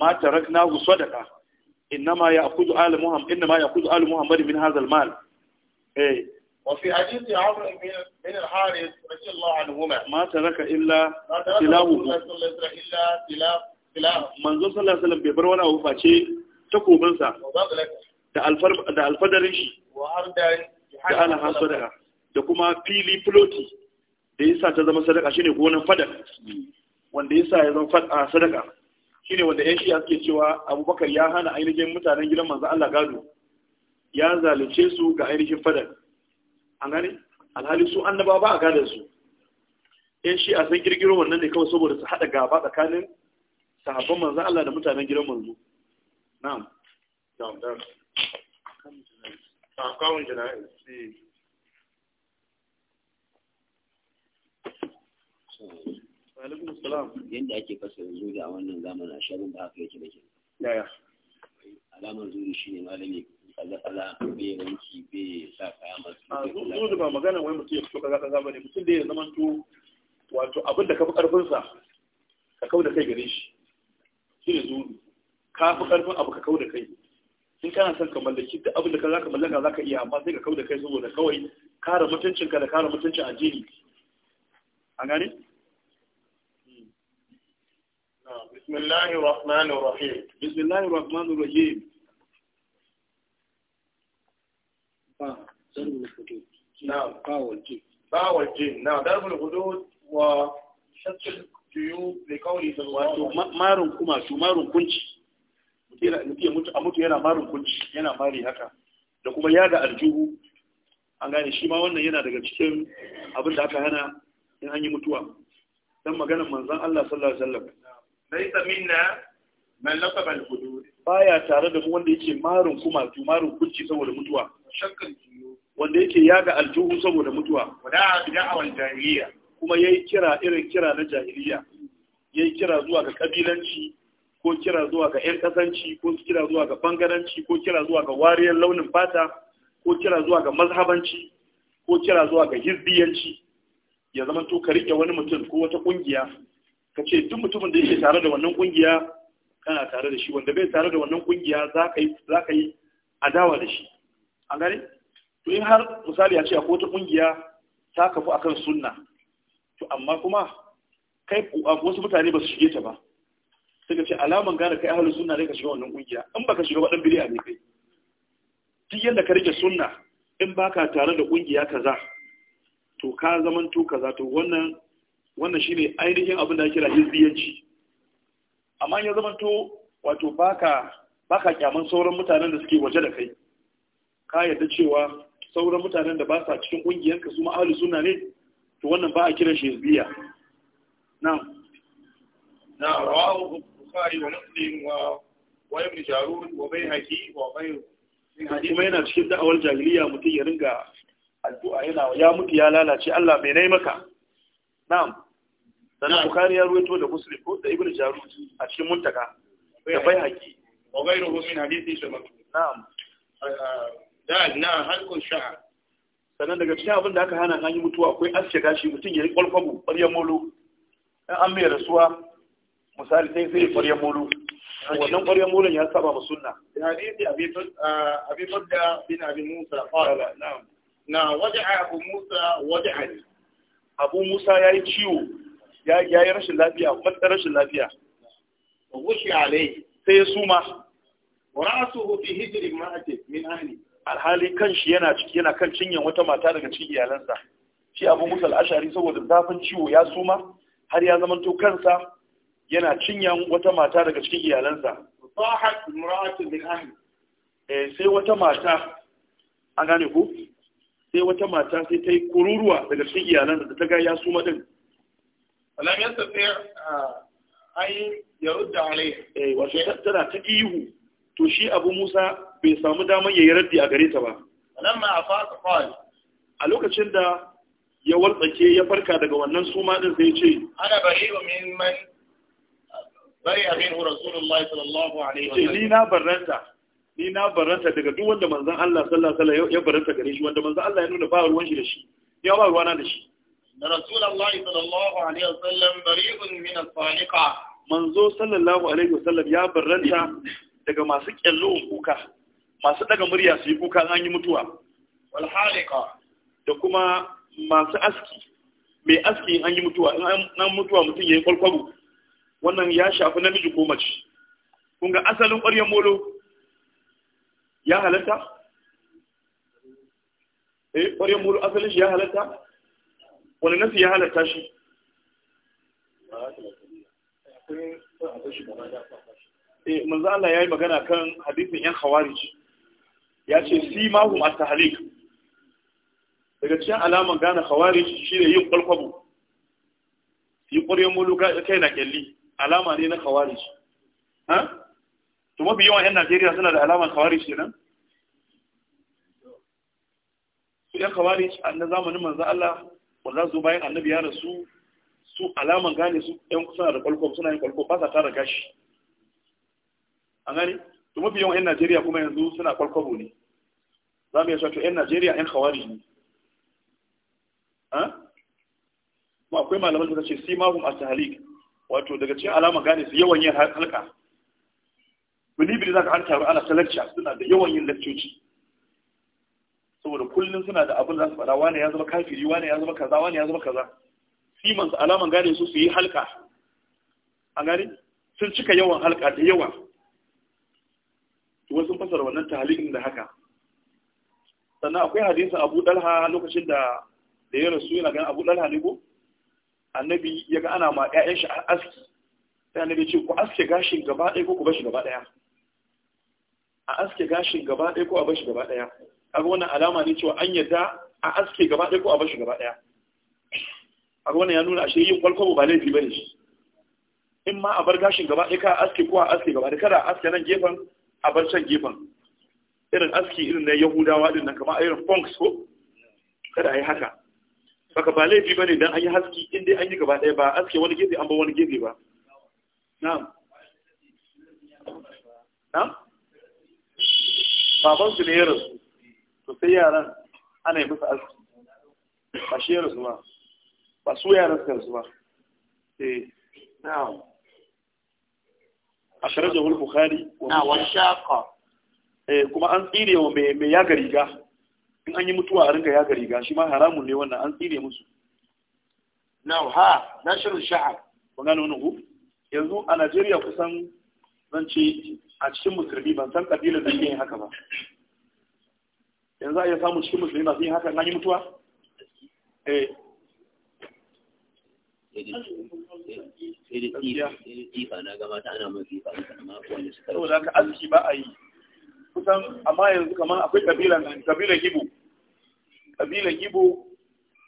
ma taraknahu sadaqa innama ya'khudhu al muhammad innama ya'khudhu al muhammad min hadha al mal وفي حديث عمرو بن بن الحارث رضي الله عنهما ما ترك الا تلاوه الا صلى الله عليه وسلم bai bar wani abu face takobinsa da alfar da alfadarin shi da ana hasadaka da kuma fili floti da yasa ta zama sadaka shine gonan fadak hmm. wanda yasa ya zama sadaka shine wanda yan shi'a suke cewa abubakar ya hana ainihin mutanen gidan manzo Allah gado ya zalunce su ga ainihin fadar an gane alhali su annaba ba a gadar su yan shi'a sun kirkiro wannan ne kawai saboda su hada gaba tsakanin sahabban manzo Allah da mutanen gidan manzo na'am kawun jana'i Thank hmm. you. Yanda ake fasa zuri a wannan zamanin a da ba haka yake da ke. Yaya. Alamar zuri shi ne malami tsala-tsala bai wanki bai sa kaya masu. Zuri ba magana wai mutum ya fito kaza kaza ba ne mutum da ya zamanto wato abin da ka fi ƙarfinsa ka kau da kai gare shi shi ne zuru ka fi ƙarfin abu ka kau da kai in kana son ka mallaki duk abin da ka zaka mallaka zaka iya amma sai ka kau da kai saboda kawai kare mutuncinka da kare mutuncin addini a gane بسم الله الرحمن الرحيم بسم الله الرحمن الرحيم ضرب الحدود نعم با والجيم نعم ضرب الحدود الجيوب لقوله الله كما شو a mutu yana marin kunci yana mari haka da kuma yada aljuhu an gane shi ma wannan yana daga cikin abin da aka hana in an yi mutuwa dan maganar manzon Allah sallallahu alaihi laisa minna man laqaba al-hudud baya tare da mu wanda yake marun kuma marun kunci saboda mutuwa shakkan wanda yake yaga aljuhu saboda mutuwa wada bid'a'al jahiliya kuma yayi kira irin kira na jahiliya yayi kira zuwa ga kabilanci ko kira zuwa ga 'yan kasanci ko kira zuwa ga bangaranci ko kira zuwa ga wariyar launin fata ko kira zuwa ga mazhabanci ko kira zuwa ga hizbiyanci ya zama to ka rike wani mutum ko wata kungiya ka ce duk mutumin da yake tare da wannan kungiya kana tare da shi wanda bai tare da wannan kungiya za ka yi adawa da shi an gane to in har misali a ce akwai wata kungiya ta kafu akan sunna to amma kuma kai wasu mutane ba su shige ta ba sai ka ce alaman gane kai ahalin sunna ne ka shiga wannan kungiya in baka shiga wadan biliya ne kai duk yadda ka rike sunna in baka tare da kungiya kaza to ka zamanto kaza to wannan wannan shine ainihin abin da kira hizbiyanci amma ya zama to wato baka baka kyaman sauran mutanen da suke waje da kai ka yarda cewa sauran mutanen da ba sa cikin kungiyanka su ma suna ne to wannan ba a kiran shi hizbiya na'am na rawahu bukhari wa muslim wa wa ibn jarur wa bayhaqi wa ghayru kuma yana cikin da'awar jahiliya mutum ya ringa addu'a yana ya mutu ya lalace Allah bai nai maka na'am sannan bukhari ya ruwaito da muslim ko da ibnu jarud a cikin muntaka da bai haƙi wa ghayruhu min hadisi shamak na'am da na halqu sha'a sannan daga cikin abin da aka hana an yi mutuwa akwai aske gashi mutum ya yi kwalfabu ƙwaryar molo in an mai rasuwa misali sai sai ƙwaryar molo wannan ƙwaryar molon ya saba ma sunna da hadisi abi fadda bin abi musa qala na waja'a abu musa waja'ani abu musa ya yi ciwo ya yi rashin lafiya matsar rashin lafiya wushe alai sai ya suma wa su fi hijrin ma'ati min ahli alhali kanshi yana ciki yana kan cinyan wata mata daga cikin iyalansa shi abu musa al'ashari saboda zafin ciwo ya suma har ya zama to kansa yana cinyan wata mata daga cikin iyalansa sahat imra'atun min ahli eh sai wata mata an gane ku sai wata mata sai ta yi kururuwa daga cikin iyalan da ta ga ya suma din alam ya tafi ai ah, ya rudda alai eh wato tana ta ihu to shi Abu Musa bai samu daman yi raddi a gare ta ba alam ma afa qal a lokacin da ya wartsake ya farka daga wannan suma din sai ce ana bari min man bari amin rasulullahi sallallahu alaihi wasallam ni na barranta ni na baranta daga duk wanda manzon Allah sallallahu alaihi wasallam ya baranta gare shi wanda manzon Allah ya nuna ba ruwan da shi ya ba ruwana da shi rasulullahi sallallahu alaihi wasallam bari'un min as-saliqa manzo sallallahu alaihi wasallam ya baranta daga masu kyallo kuka masu daga murya su yi kuka an yi mutuwa wal halika da kuma masu aski mai aski an yi mutuwa in an mutuwa mutum ya yi kwalkwabo wannan ya shafi namiji ko mace kun ga asalin ƙwaryen molo ya halatta eh ƙwaryen mulu asalin shi ya halatta wani nasi ya halatta shi eh manzo Allah yayi magana kan hadisin yan khawarij ya ce mahu at-tahlik daga cikin alaman gane khawarij ne yin kwalkwabo yi ƙwaryen mulu kai na kyalli alama ne na khawarij ha to mafi yawan 'yan Najeriya suna da alamar kawari shi nan? su 'yan kawari a na zamanin manzan Allah ba za su bayan annabi ya rasu su alaman gane su 'yan suna da kwalkwam suna yin kwalkwam ba sa tara gashi an gani to mafi yawan 'yan Najeriya kuma yanzu suna kwalkwabo ne za mu iya shato 'yan Najeriya 'yan kawari ne ma akwai malaman da ta ce simahum a tahalik wato daga cikin alaman gane su yawan yin halka bilibili za ka an taru ana ta lecture suna da yawan yin lectoci saboda kullum suna da abin za su faɗa wane ya zama kafiri wane ya zama kaza wane ya zama kaza siman su alaman gane su su yi halka a gane sun cika yawan halka da yawa wasu fasar wannan tahalin da haka sannan akwai hadisin abu dalha lokacin da da ya rasu yana ganin abu dalha ne ko annabi ya ga ana ma ƴaƴan shi aski sai annabi ce ku aske gashin gaba ɗaya ko ku bashi gaba ɗaya a aske gashin gaba ɗaya ko a bashi gaba ɗaya kaga wannan alama ne cewa an yadda a aske gaba ɗaya ko a bashi gaba ɗaya kaga wannan ya nuna ashe yin kwalkwabo ba laifi bane shi in ma a bar gashin gaba ɗaya ka aske ko a aske gaba ɗaya kada a aske nan gefen a bar can gefen irin aski irin na yahudawa din nan kamar irin funks ko kada a yi haka baka ba laifi bane dan an yi haski in dai an yi gaba ɗaya ba aske wani gefe an bar wani gefe ba na'am na'am baban su ne ya rasu to sai yaran ana yi musu aski ba shi ya rasu ba ba su yaran suka rasu ba eh na'am akhrajahu al eh kuma an tsire wa mai ya gari ga in an yi mutuwa a rinka ya ga shi ma haramun ne wannan an tsire musu na'am ha nashrul sha'ar. kun gano wani hu? yanzu a Najeriya kusan zan ce a cikin musulmi ban san kabilar da yin haka ba yanzu a iya samun cikin musulmi masu yin haka na yi mutuwa eh da haka arziki ba a yi kusan amma yanzu kamar akwai kabilan kabilan gibo kabilan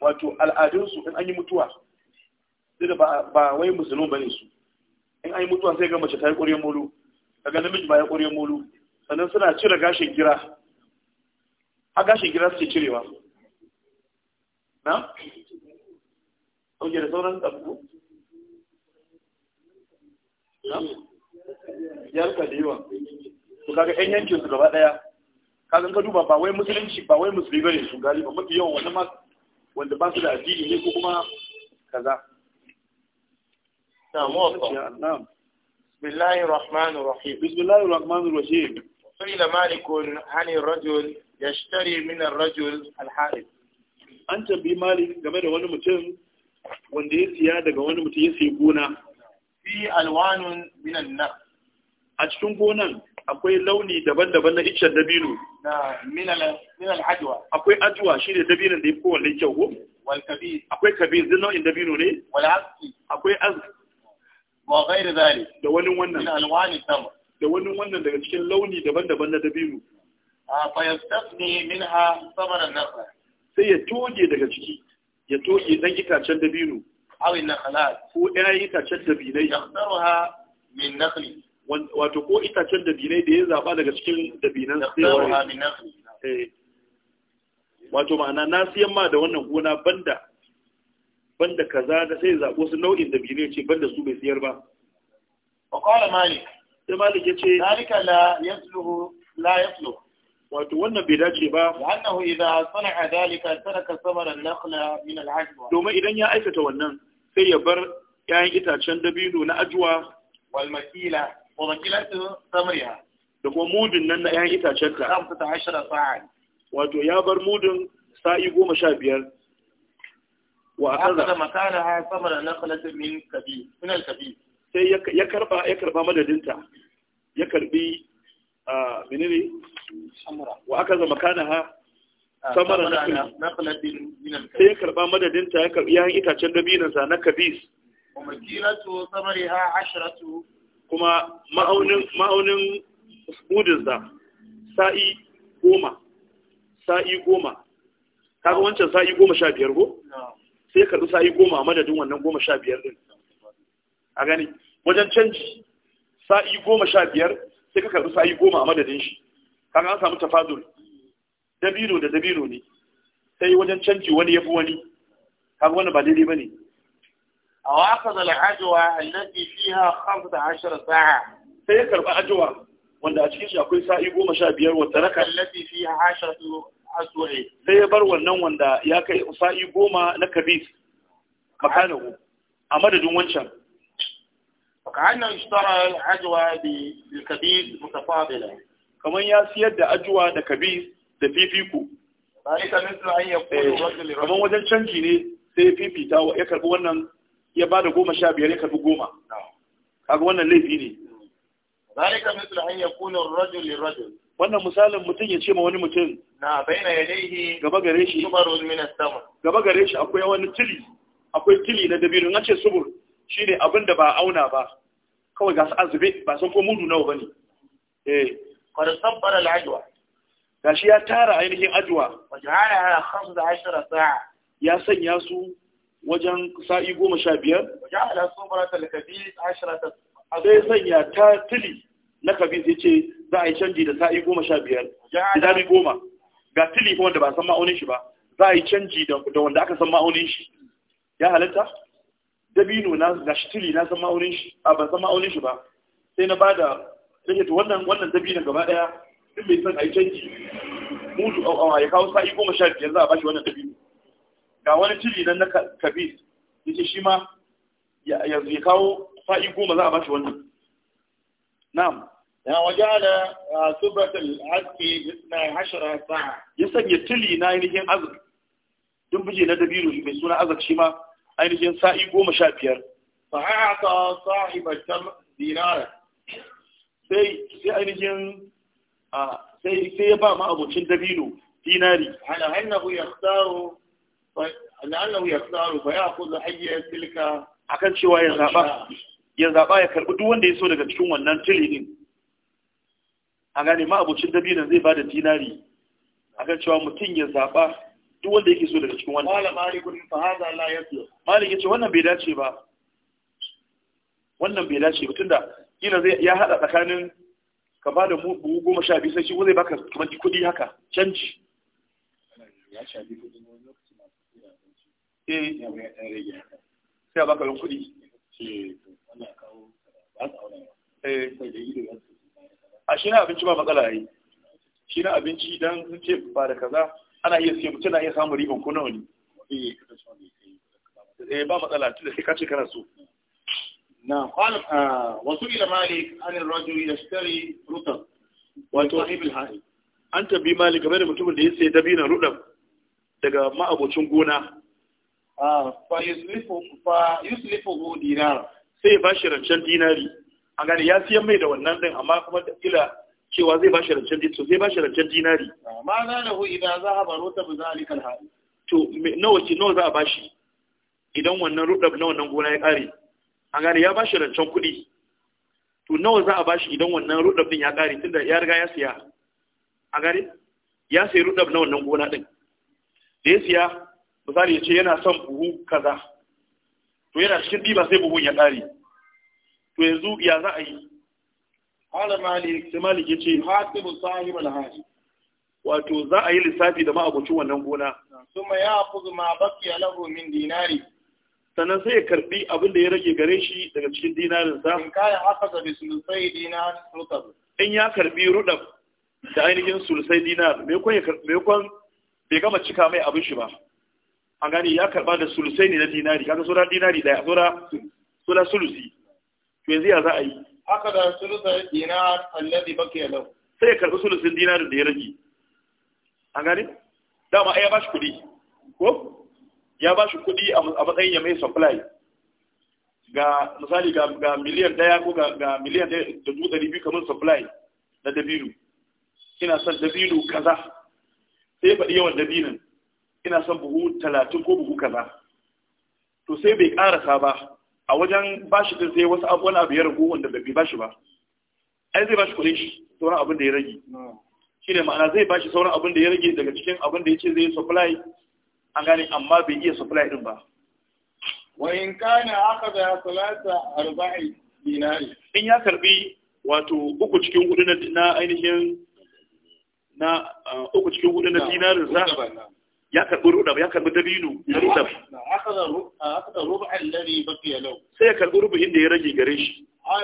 wato al'adunsu in an yi mutuwa duk da ba wai musulun bane su in an yi mutuwa sai ga mace ta yi ƙuryen molo daga namiji ba ya ƙure mulu sannan suna cire gashin gira a gashin gira suke cirewa na? ɗauke da sauran ɗabu? na? yarka da yiwa. su kaga 'yan yankin su gaba ɗaya kaga ka duba ba wai musulunci ba wai musulmi bane su galiba mafi yawan wani ma wanda ba su da addini ne ko kuma kaza na بسم الله الرحمن الرحيم بسم الله الرحمن الرحيم قيل مالك عن الرجل يشتري من الرجل الحائط an tambayi malik game da wani mutum wanda ya siya daga wani mutum ya siya gona fi alwanun minan nar a cikin gonan akwai launi daban-daban na iccen dabino na minal hajwa akwai ajwa shi ne dabinon da kowanne kyau ko akwai kabir duk nau'in dabino ne akwai azki wa ghairu zalik da wani wannan alwani sama da wani wannan daga cikin launi daban-daban na dabino a fa yastasni minha samara nakhla sai ya toge daga ciki ya toge dan itacen dabino aw nakhlat ko ɗaya itacen dabinai yakhtaruha min nakhli wato ko itacen dabinai da ya zaba daga cikin dabinan sai eh. wato ma'ana na siyan ma da wannan gona banda banda kaza da sai zaɓo su nau'in da biyu ce banda su bai siyar ba. Wa kawai Malik. Sai Malik ya ce. Zalika la yasluhu la yasluhu. Wato wannan bai dace ba. Wa annahu idza sana'a dalika taraka samara an-nakhla min al-ajwa. Domin idan ya aikata wannan sai ya bar 'ya'yan itacen dabino na ajwa wal makila wa makilatu samriha. Da kuma mudun nan na 'ya'yan itacen ta. Kamsa ta ashara sa'a. Wato ya bar mudun sa'i goma sha biyar وأخذ مكانها ثمر نخلة من كبير من الكبير sai ya karba ya karba madadinta ya karbi a menene wa aka zama kana ha samara na sai ya karba madadinta ya karbi yayin itacen dabinansa na kabis umakilatu samariha ashratu kuma ma'aunin ma'aunin udinsa sa'i goma sa'i goma kaga wancan sa'i goma sha biyar ko sai ka sa'i goma a madadin wannan goma sha biyar ɗin. a gani wajen canji sa'i goma sha biyar sai ka karɓi sa'i goma a madadin shi kaga an samu tafadul dabino da dabino ne sai wajen canji wani ya fi wani kaga wani ba daidai ba ne a waka da al'ajuwa allati fiha da ashara sa'a sai ya karɓi ajuwa wanda a cikin shi akwai sa'i goma sha biyar wata raka allati fiha ashara sai ya bar wannan wanda ya kai sa'i goma na kabis makanahu a madadin wancan ka'annan ishtara ajwa bi kabis mutafadila kaman ya siyar da ajwa da kabis da fifiku eh, kaman wajen canji ne sai ya fifita ya karbi wannan ya bada goma sha biyar ya karbi goma kaga wannan laifi ne ذلك مثل أن يكون الرجل للرجل wannan misalin mutum ya ce ma wani mutum na bayyana yadaihi gaba gare shi gaba gare shi akwai wani tili akwai tili na dabino na ce subur shine abin da ba auna ba kawai gasu su azube ba san ko mudu nawa bane eh qad sabbara al-ajwa shi ya tara ainihin ajwa da 15 sa'a ya sanya su wajen sa'i 15 wajara subrat al-kabir 10 sai sanya ta tili na kabir ce. za a yi canji da sa'i goma sha biyar dirhami goma ga tilifa wanda ba san ma'aunin shi ba za a yi canji da wanda aka san ma'aunin shi ya halatta dabino na ga shi tili na san ma'aunin shi a ban san ma'aunin shi ba sai na bada rage to wannan wannan dabino gaba daya duk mai san a yi canji Mutu, a ya kawo sa'i goma sha biyar za a bashi wannan dabino ga wani tili nan na kabis Ya ce shi ma ya kawo sa'i goma za a bashi wannan na'am Da waje وجعل سبرة العزق Ya عشر ساعة يسن يتلي ناينهين عزق دم na ندبيرو mai suna azur shi ma ainihin sa'i goma sha biyar. Fa'ata sahiba tam dinara. Sai ainihin sai ya ba ma abocin dabino dinari. Ana annahu ya tsaro la'annahu ya tsaro fa ya kuzu hayyar tilka. Akan cewa ya zaɓa ya zaɓa ya karɓi duk wanda ya so daga cikin wannan tilinin. a gane ma abucin dabinan zai bada dinari akan cewa mutum ya zaɓa duk wanda yake so daga cikin wannan wannan bai dace ba wannan bai dace ba tunda kila zai ya hada tsakanin ka ba da buhu goma sha biyu sai shi zai baka kamar kuɗi haka canji eh. sai a baka kudi eh, a shi na abinci ba matsala yayi shi na abinci idan sun ce ba da kaza ana iya sai mutum na iya samun ribar, ko nawa ne eh ba matsala tunda sai ka ce kana so na qala ah, wasu ila malik an ar-rajul yashtari rutab wa sahib al-hayy an tabi malik game da mutumin da ya sai dabina rudab daga ma'abocin gona ah, fa yuslifu fa yuslifu dinar sai ba shi rancen dinari an gane ya siyan mai da wannan din amma kuma kila cewa zai bashi rancen dinari to zai bashi rancen dinari na za hu idan baro ta bizalikal hal to nawa ce nawa za a bashi idan wannan rudab na wannan gona ya kare an gane ya bashi rancen kuɗi to nawa za a bashi idan wannan rudab din ya kare tunda ya riga ya siya a gare ya sayi rudab na wannan gona din da ya siya misali ya ce yana son buhu kaza to yana cikin diba sai buhun ya kare to yanzu ya za a yi ala malik sai malik ya ce hasibu sahib al wato za a yi lissafi da ma'abucin wannan gona kuma ya fuzu ma ya lahu min dinari sannan sai ya karbi abin da ya rage gare shi daga cikin dinarin sa in kai haka da sulsai dinar rutab in ya karbi rudab da ainihin sulsai dinar me kon me kon bai gama cika mai abin shi ba an gani ya karba da sulsai ne na dinari kaga sura dinari daya sura sura sulusi to yanzu za a yi haka da sulusa dinar baki ya lau. sai ya karbi sulusin dinar da ya rage an gani dama ai ya shi kuɗi ko ya ba shi kuɗi a matsayin ya mai supply ga misali ga miliyan daya ko ga miliyan daya da dubu ɗari biyu kamar supply na dabino ina son dabino kaza sai faɗi yawan dabinin ina son buhu talatin ko buhu kaza to sai bai ƙarasa ba a wajen bashi da zai wasu abubuwan abu ya ragu wanda bai ba shi ba ai zai ba shi kuɗin shi sauran abin da ya rage shi ne ma'ana zai ba shi sauran abin da ya rage daga cikin abin da ya ce zai yi supply an gane amma bai iya supply din ba wa kana aka da salata arba'i dinari in ya karbi wato uku cikin hudu na ainihin na uh, uku cikin hudu na dinarin sa ya karbi ruɗa ya karbi dabino na ruɗa sai ya karbi rubu'in inda ya rage gare shi aw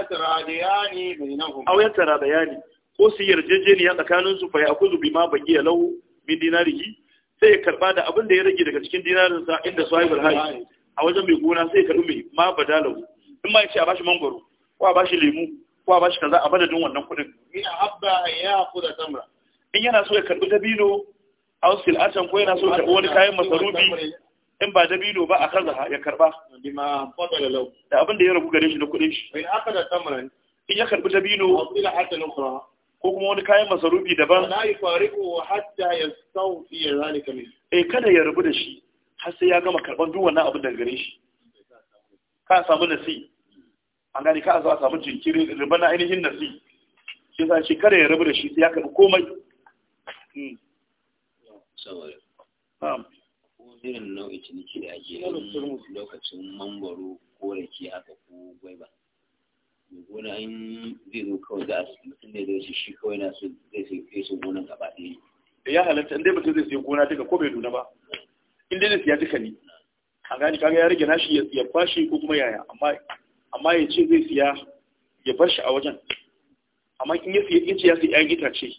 ya tara bayani ko su yarjejeniya tsakanin su fa ya kuzu bima baqiya lahu min dinarihi sai ya karba da abin da ya rage daga cikin dinarin sa inda sahibul hayy a wajen mai gona sai ya karbi mai ma badalahu in ma ya ce a bashi mangoro ko a bashi lemu ko a bashi kaza a madadin wannan kuɗin in yana so ya karbi dabino auskil sil'atan ko yana so ta wani kayan masarufi in ba dabino ba a kaza ya karba da abin da ya rabu gare shi da kuɗin shi in ya karbi dabino ko kuma wani kayan masarufi daban eh kada ya rabu da shi har sai ya gama karban duk wannan abin da gare shi ka samu nasi an gani ka zo a samu jinkiri riba na ainihin nasi shi sa shi kada ya rabu da shi sai ya karbi komai hmm. saboda um, ko irin nau'in ciniki da ake yi lokacin mangwaro ko da ke haka ko gwaiba mai gona in zai zo kawai za a mutum ne zai shi kawai na su zai sai kai su gonan gaba ɗaya ya halatta in dai mutum zai sai gona duka ko bai nuna ba Inda zai siya duka ne a gani kaga ya rage nashi ya kwashe ko kuma yaya amma ya ce zai siya ya bar shi a wajen amma in ya siya in ce ya siya 'yan itace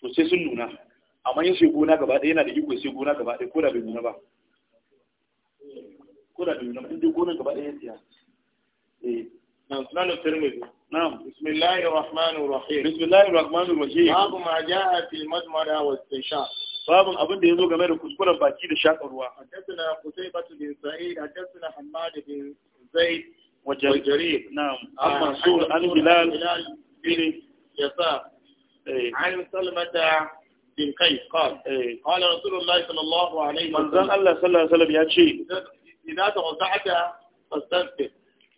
to sai sun nuna amma yin sai gona gaba ɗaya yana da iko sai gona gaba ɗaya ko da bai nuna ba ko da bai nuna ba inda gona gaba ɗaya ya siya nan سنن الترمذي نعم بسم الله الرحمن الرحيم بسم الله الرحمن الرحيم باب ما جاء في المضمرة والاستنشاق babin abin da yazo game da kuskuren baki da shakarwa. Haddasuna Qutaybah bin Sa'id, haddasuna Hammad bin Zaid wa Jarir. Na'am. Amma sur an Bilal bin Yasa. An Salmata bin kai Kala eh, rasulullahi sallallahu alaihi wa sallam Allah sallallahu alaihi ya ce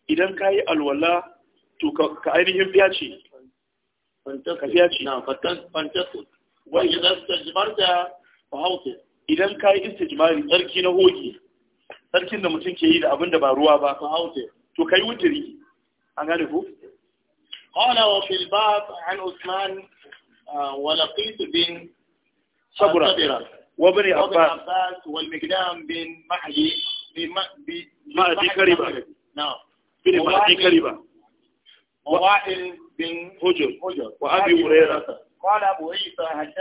idan ta yi alwala to ka ainihin fiya ka fiya ce na fatan fantasu wa idan tajmarta fa hauti idan kai istijmari tsarki na hoki tsarkin da mutum ke yi da abinda ba ruwa ba fa hauti to kai wuturi an gane ku قال وفي الباب عن عثمان ولقيت بن صبرا وابن عباس والمقدام بن معدي معدي كريبة نعم بن معدي كريبة ووائل بن هجر وأبي هريرة قال أبو عيسى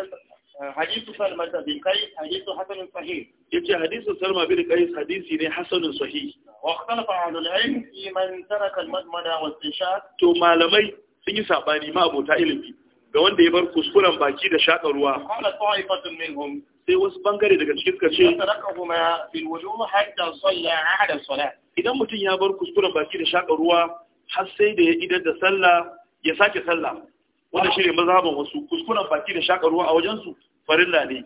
حديث سلمة بن قيس حديث حسن صحيح يبقى حديث سلمة بن قيس حديث حسن صحيح واختلف أهل العلم في من ترك المضمنة والاستنشاق تو malamai sun yi sabani ma abota ilimi ga wanda ya bar kuskuren baki da shaƙa ruwa sai wasu bangare daga cikin suka ce idan mutum ya bar kuskuren baki da shaƙa ruwa har sai da ya idar da sallah ya sake sallah wanda shi ne mazhaban wasu kuskuren baki da shaƙa ruwa a wajensu farilla ne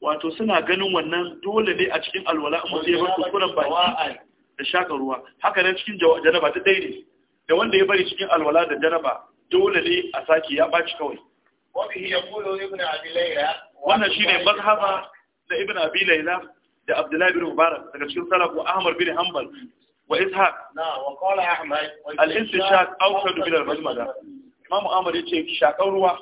wato suna ganin wannan dole ne a cikin alwala amma ya bar kuskuren baki da shaka ruwa haka nan cikin janaba ta ɗaya da wanda ya bari cikin alwala da janaba dole ne a sake ya baci kawai wannan shi ne mazhaba na ibn abi laila da abdullahi bin mubarak daga cikin salaf wa ahmad bin hanbal wa ishaq al-istishaq awkadu bil al-majmada ahmad yace shakar ruwa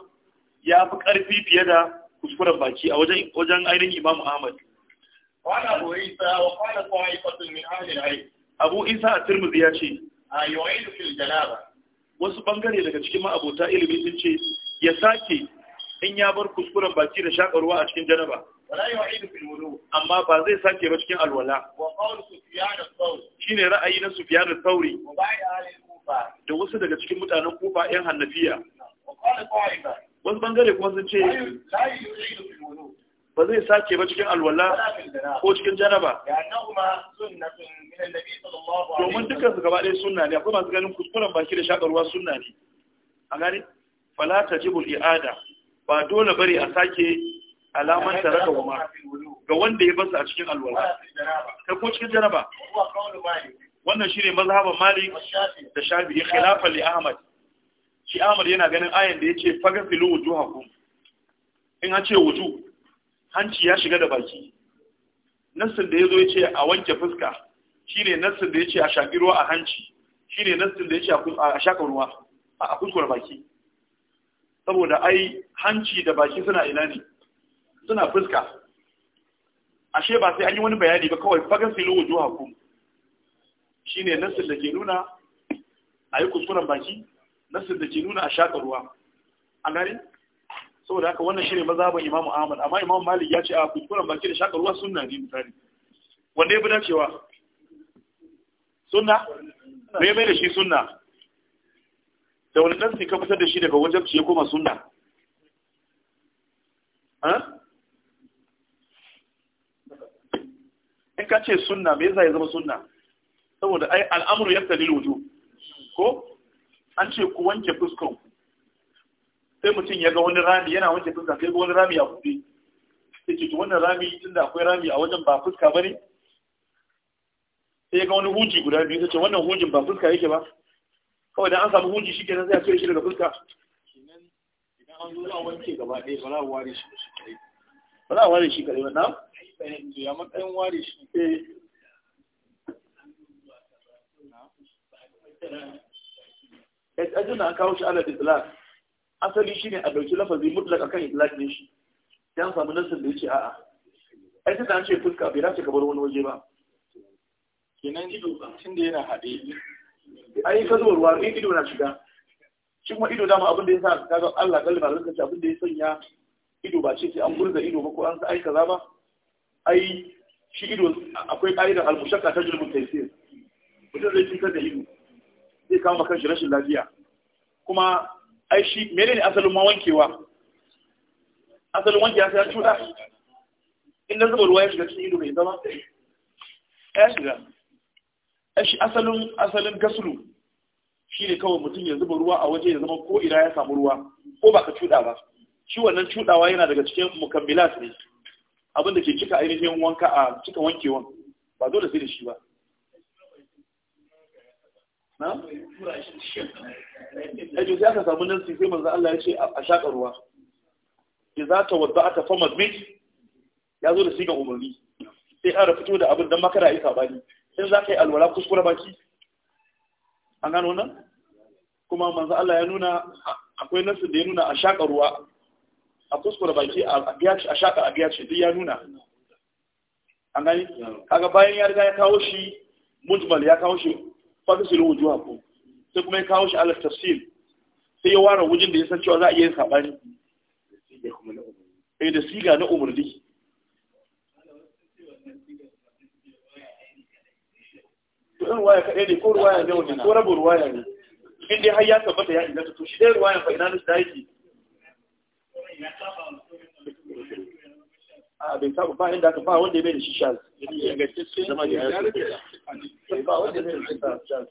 ya fi karfi fiye da kuskuren baki a wajen wajen ainihin Imam ahmad قال أبو عيسى وقال طائفة من a العلم أبو عيسى الترمذي يا شيخ يعيد في الجنابة wasu bangare daga cikin ma'abota ilimi sun ce ya sake in ya bar kuskuren baki da shakarwa a cikin janaba amma ba zai sake ba cikin alwala shine ra'ayi na sufiyan al-thawri da wasu daga cikin mutanen kufa yan hannafiya wasu bangare kuma sun ce ba zai sake ba cikin alwala ko cikin janaba domin dukkan gaba ɗaya suna ne akwai masu ganin kuskuren baki da shakarwa sunna ne a gani fala tajibul i'ada ba dole bari a sake alaman taraka kuma ga wanda ya basu a cikin alwala kai ko cikin janaba wannan shine mazhaban malik da shafi'i khilafa li ahmad shi ahmad yana ganin ayan da yace fagafilu wujuhakum in an ce wuju hanci ya shiga da baki nassin da ya zo ya ce a wanke fuska shine nassin da ya ce a shaƙi ruwa a hanci shine nassin da ya ce a shaƙa ruwa a kuskure baki saboda ai hanci da baki suna ina ne suna fuska ashe ba sai an yi wani bayani ba kawai fagan silo wujo haku shine nassin da ke nuna a yi kuskuren baki nassin da ke nuna a shaƙa ruwa a gari saboda haka wannan ba mazhaban imamu Ahmad amma imamu Malik ya ce a kuskuren baki da shakar ruwa sunna ne misali wanda ya bi dacewa sunna me mai da shi sunna da wani dan ka fitar da shi daga wajen ce kuma sunna in ka ce suna mai zai zama suna saboda ai al'amuru ya ko an ce ku wanke fuskanku sai mutum ya ga wani rami yana wanke fuska sai ga wani rami a buɗe sai ce wannan rami tun da akwai rami a wajen ba fuska ba ne sai ya ga wani huji guda biyu sai ce wannan hujin ba fuska yake ba kawai da an samu huji shi nan sai a cire shi daga fuska idan an zo za a wanke gaba ɗaya ba za a ware shi ba za a ware shi kaɗai ba na ya matsayin ware shi eh ajin eh, na kawo shi ala bislas asali shine a dauki lafazi mutlaka kan itlaq ne shi dan samu nasar da yace a'a ai sai dan ce fuska bai dace ka bar wani waje ba kenan ido tun da yana haɗe ai ka zo ruwa in ido na shiga shi kuma ido dama abin da ya sa ga Allah kalma lokaci abin da ya sanya ido ba ce sai an burza ido ba ko an sa ai kaza ba ai shi ido akwai ƙa'idar al-mushakka ta jirgin taisir mutum zai cutar da ido zai kama kan shi rashin lafiya kuma ai shi ne asalin mawankewa? asalin wankewa sai ya cuta inda zuba ruwa ya shiga cikin ido mai zama ya shiga ai shi asalin asalin gasulu shi ne kawai mutum ya zuba ruwa a waje ya zama ko ina ya samu ruwa ko ba ka cuta ba shi wannan cudawa yana daga cikin mukammilat ne abinda ke cika ainihin wanka a cika wankewan ba dole sai da shi ba na? Ejo sai aka samu nan sai manzo Allah ya ce a shaƙa ruwa. Ya za ta wadda aka fa mazmit ya zo da sigan umarni. Sai an fito da abin don makara a yi sabani. In za ka yi alwala kuskure baki. An gano nan? Kuma manzo Allah ya nuna akwai nasu da ya nuna a shaƙa ruwa. A kuskure baki a shaƙa a biya ce duk ya nuna. An gani? Kaga bayan ya riga ya kawo shi mujmal ya kawo shi fagsilu wujuhakum sai kuma ya kawo shi ala tafsil sai ya ware wujin da ya san cewa za a iya yin sabani eh da siga na umurni to waya kaɗai ne ko ruwaya ne wannan ko rabu ruwaya ne in dai har ya tabbata ya inganta to shi dai ruwaya fa ina na da yake a bai saba ba inda aka ba wanda ya bai da shi shazi zama da ya yi eh, ba wanda zai rike ta shaz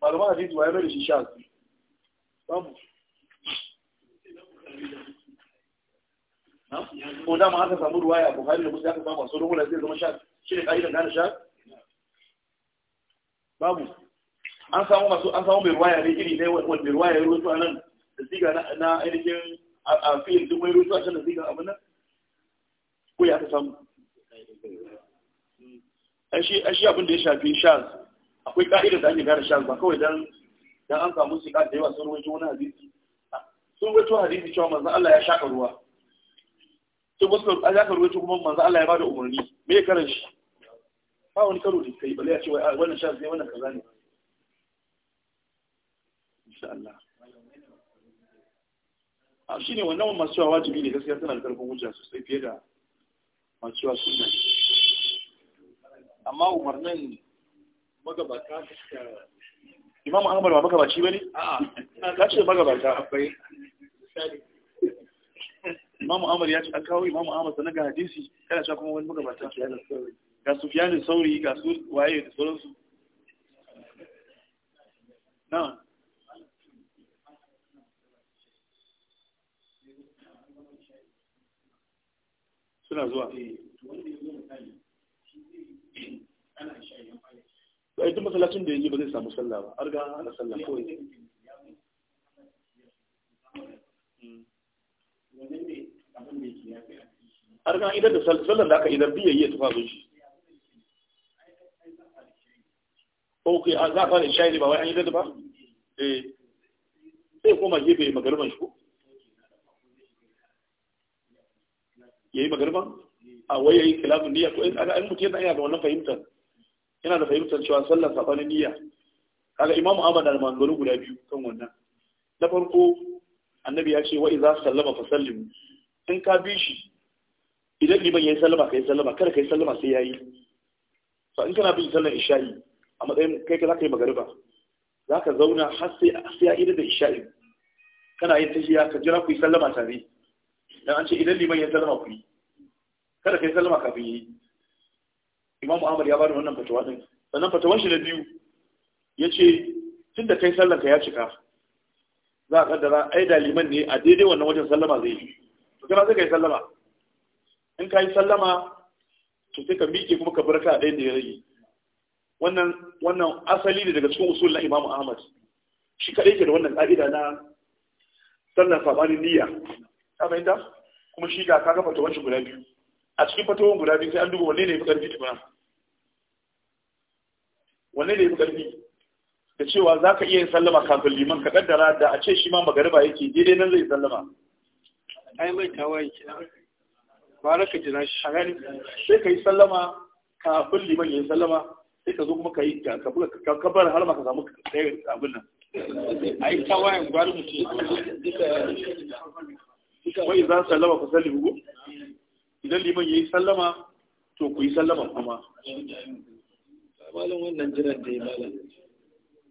malama hadisi wa ya mai da shi shaz babu ko dama aka samu ruwaya buhari da musu aka samu a sauran wula zai zama shaz shi ne ka'idan gane shaz babu an samu masu an samu mai ruwaya ne iri ne wani mai ruwaya ya rutu a nan da siga na ainihin a fiye da mai rutu a can da siga abin nan ko ya aka samu shi abin da ya shafi shaz akwai ka'idar da ake gane shaz ba kawai dan dan an samu su da yawa sun rawaito wani hadisi sun rawaito hadisi cewa manzo Allah ya shaka ruwa sai wasu an shaka ruwa kuma manzo Allah ya bada umarni me ya karan shi ba wani karo da kai bale ya ce ah, wannan shaz ne wannan kaza ne insha Allah a ah, shine wannan masu cewa wajibi ne gaskiya suna da karfin hujja sosai fiye da masu cewa sunna amma umarnin magabata suka imam ahmad ba magabaci bane a'a ka ce magabata akwai imam ahmad ya ce an kawo imam ahmad sanan ga hadisi kana cewa kuma wani magabata ga fiyanin sauri ga su waye da sauransu na suna zuwa eh, ba ita masallacin da yayi ba zai samu sallah ba arga ana sallah kawai arga idan da sallar da aka idan biya yi fazo shi ok za a fara shayi ne ba wai an yi da ba eh sai koma gefe magarban shi ko yayi magarban a wai yayi kilafin niyya to in yadda yana da wannan fahimtar yana da fahimtar cewa sallar sabanin niyya kaga imamu ahmad da manzuru guda biyu kan wannan na farko annabi ya ce za su sallama fa sallimu in ka bi shi idan liman ya yi sallama ka yi sallama kada ka yi sallama sai ya yi. to in kana bin sallar isha'i a matsayin kai ka zaka yi magariba Za ka zauna har sai sai ya ida da isha'i kana yin tahiya ka jira ku yi sallama tare dan an ce idan liman ya sallama ku yi kada ka yi sallama kafin yi imam ahmad ya bada wannan fatawa din sannan fatawan shi na biyu ya ce tun da ka ya cika za a kaddara ai daliman ne a daidai wannan wajen sallama zai yi to kana sai ka yi sallama in ka yi sallama to sai ka miƙe kuma ka bar a ɗayan da ya rage wannan wannan asali ne daga cikin usul Imam Ahmad shi kadai ke da wannan ka'ida na sallar sabanin niyya ka fahimta kuma shi ga kaga fatawan shi guda biyu a cikin fatawan guda biyu sai an duba wanne ne ya fi ƙarfi tukuna wanne ne ƙarfi da cewa za ka iya yin sallama kafin liman ka kaddara da a ce shi ma magariba yake daidai nan zai sallama ai mai tawaye Ba bara ka jira shi A gani sai ka yi sallama kafin liman ya yi sallama sai ka zo kuma ka yi ka buga ka bar har ma ka samu tsaye abin nan Ai yi tawayen gwari mu mutum wai za su sallama ku salli idan liman ya yi sallama to ku yi sallama kuma malam wannan jiran da ya malam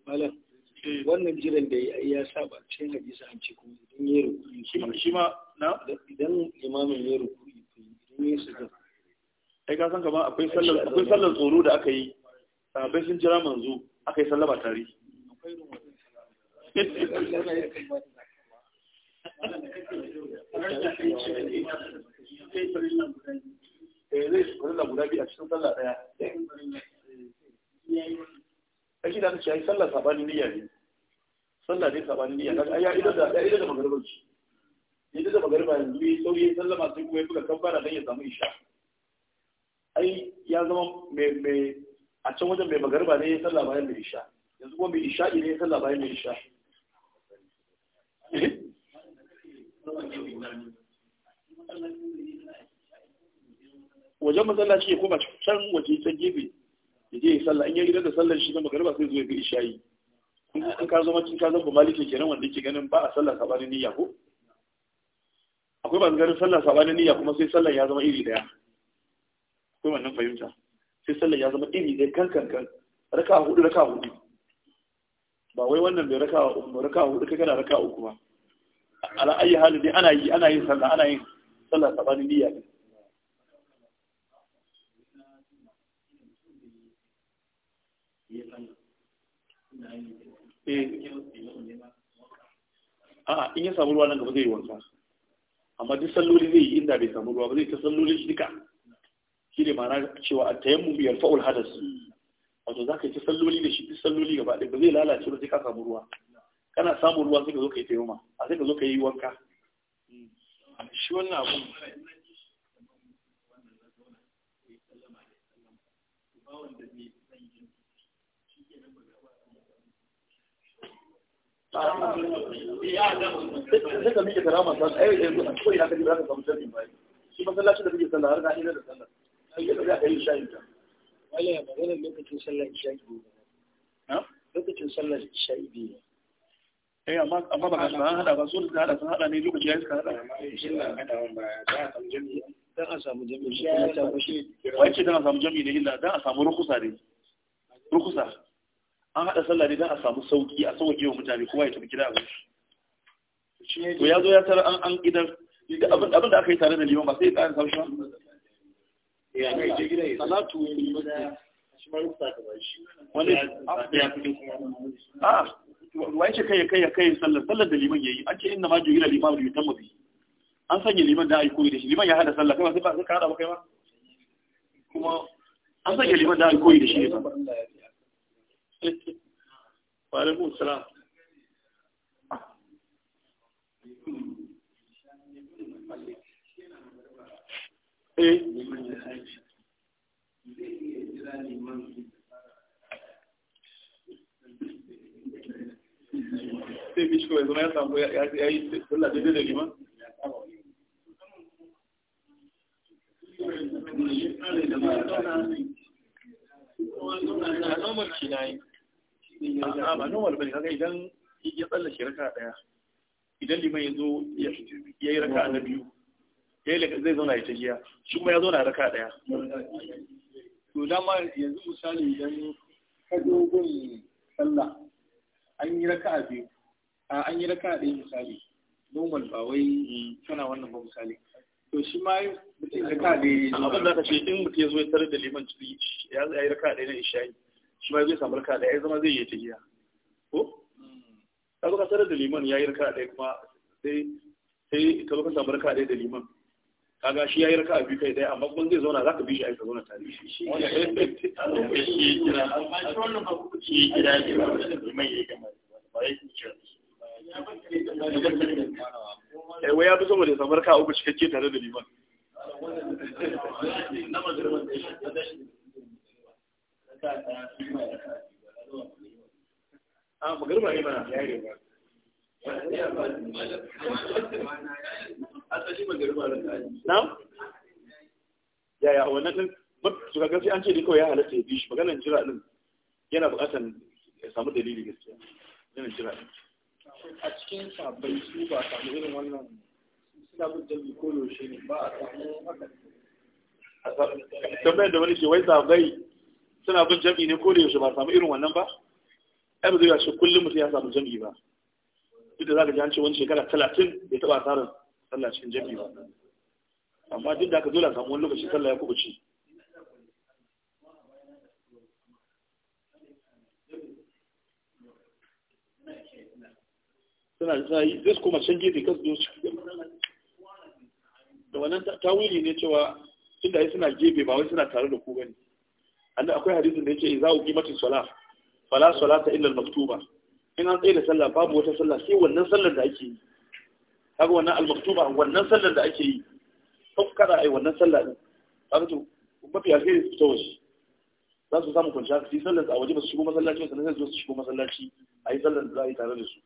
malam wannan jiran da ya ya saba cikin hadisi an ce kuma idan ya ruku shi ma na idan imamin ya ruku idan ya sujud ai ka san kamar akwai sallar akwai sallar tsoro da aka yi sabai sun jira manzo aka yi sallama tare eh, zai shi guda biyu a cikin sallah daya ake da ta yi sallah sabanin niyya ne sallah ne sabanin niyya kaga ya ido da ya ido da magariba ce ido da magariba yanzu yi sauye sallama sai kuma ya buga kabbara dan ya samu isha ai ya zama mai a can wajen mai magariba ne ya sallah bayan mai isha yanzu kuma mai isha ne ya sallah bayan mai isha wajen masallaci ya koma can waje ta gefe ya je ya sallah in ya gidan da sallar shi na Garba sai zuwa ga ishayi in ka zama cin ka zama maliki kenan wanda yake ganin ba a sallah sabanin niyya ko akwai ba ganin sallah sabanin niyya kuma sai sallar ya zama iri daya akwai wannan fahimta sai sallar ya zama iri daya kan kan kan raka hudu raka hudu ba wai wannan bai raka raka hudu kai kana raka uku ba ala ayi hali dai ana yi ana yin sallah ana yin sallah sabanin niyya ne Eh. a in yi samu ruwa nan gaba zai yi wanka amma duk salloli zai yi inda bai samu ruwa ba zai ta sallolin shi duka shi ne ma'ana cewa a tayammu biyar fa'ul hadas wato za ka yi ta salloli da shi duk salloli gaba ɗaya ba zai lalace ba sai ka samu ruwa kana samu ruwa sai ka zo ka yi tayamma a sai ka zo ka yi wanka shi wannan abu sai ka ta ai yanzu a ina ka samu sharri shi masallacin da kake sallah har ka da sallah ka kai ta ya lokacin biyu ne eh amma ba ka san ba so da hada ne lokaci ya suka hada dan a samu jami'i a samu jami'i ne illa dan a samu rukusa ne rukusa an haɗa sallah ne don a samu sauƙi a sauƙi wa mutane kowa ya tafi gida a wani to ya zo ya tara an an idan abin da aka yi tare da liman ba sai ya ƙara sauƙi ba wani a wai ce kai kai kai sallar sallar da liman yayi an ce inna ma jira liman bi tambi an sanya liman da ai koyi da shi liman ya hada sallah kai ba sai ka hada ba kai ba kuma an sanya liman da ai koyi da shi ne ba وعليكم السلام eh sai bi shi kawai zama ya samu ya yi tsalla daidai da liman a nomarci na yi a ba normal bane kaga idan ya tsallake raka daya idan liman ya zo ya yi raka na biyu zai zauna ya tahiya shi kuma ya zauna raka daya to dama yanzu misali idan ka zo gun sallah an yi raka a biyu an yi raka ɗaya misali normal ba wai kana wannan ba misali to shi ma yi raka ɗaya abin da ka ce in mutum ya zo ya tarar da liman ciki, ya yi raka ɗaya na isha'i shi ma zai samu raka ɗaya zama zai yi ta iya ko ka zo ka da liman ya yi raka ɗaya kuma sai sai ka zo ka samu raka ɗaya da liman ga shi ya yi raka biyu kai ɗaya amma kuma zai zauna za ka bi shi a yi ka zauna tare shi shi ya fi saboda ya samu raka uku cikakke tare da liman a ba na yaya wannan din su an ce ni kawai ya halatta ya bi shi jira yana buƙatar ya samu dalili gaskiya yana jira din a cikin sabbai su ba samu irin wannan suna bin ko yaushe ne ba a samu haka tambayar da wani ke wai sabai suna bin jam'i ne ko da yaushe ba samu irin wannan ba ai ba zai ga shi kullum mutum ya samu jam'i ba duk da za ka ji an ce wani shekara talatin bai taɓa asarar sallah cikin jam'i ba amma duk da aka dole a samu wani lokaci sallah ya kubuce suna zai zai kuma can gefe kan su da wannan tawili ne cewa inda ya suna gefe ba wai suna tare da ku ba ne annabi akwai hadisin da yake idza uqimatis salah fala salata illa al-maktuba in an tsaye da sallah babu wata sallah sai wannan sallar da ake yi kaga wannan al-maktuba wannan sallar da ake yi kafa kada ai wannan sallah din kaga to mafi alheri su fita za su samu kwanciya su yi sallar a waje ba su shigo masallaci ba sannan sai su shigo masallaci a yi sallar da za a yi tare da su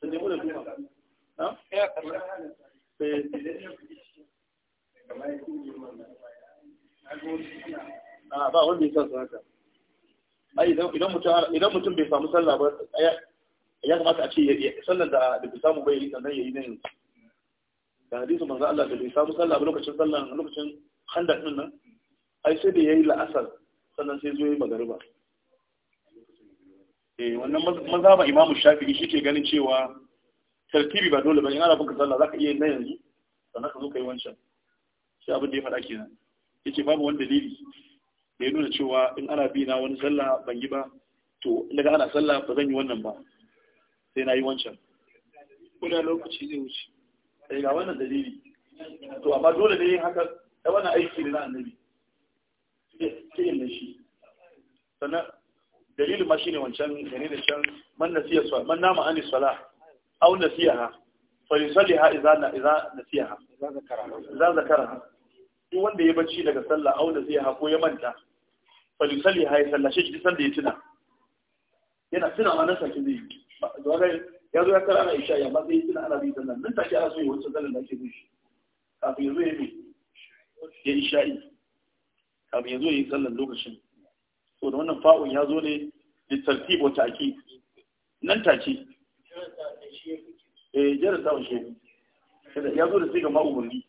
sun nemi da duma a ah, ba wanda ya sa su haka ai idan mutum bai samu sallah ba ya kamata a ce sallar da da bai samu bai sannan ya yi na yanzu da hadisu manzo Allah da bai samu sallah ba lokacin sallah lokacin khandaq din nan ai sai da yayi la'asar sannan sai zo yayi magariba eh wannan mazhaba imamu shafi'i shike ganin cewa tartibi ba dole ba in ana baka sallah zaka iya yin na yanzu sannan ka zo kai wancan shi abin da ya faɗa kenan yake babu wani dalili da ya nuna cewa in ana bi na wani sallah ban yi ba to daga ana sallah ba zan yi wannan ba sai na yi wancan kuna lokaci zai wuce sai eh, ga wannan dalili to amma dole ne haka da wannan aiki ne na annabi sai yin shi sannan dalilin ma shine wancan gane da can man nasiya man nama anis sala aw nasiha fa yusalliha idza idza nasiha za a zakara duk wanda ya bacci daga sallah auna zai hako ya manta falisalli ha ya sallashe shi sanda ya tuna yana tuna ma nan sake zai yi ya zo ya kara ana isha ya ba zai tuna ana zai sallah nan take ana so ya wancan sallah da ke zai shi kafin ya zo ya yi ya isha'i kafin ya zo ya yi sallah lokacin to da wannan fa'un ya zo ne da tartib wa ta'kid nan take eh jarata ta shehu ya zo da sai ga ma'umarni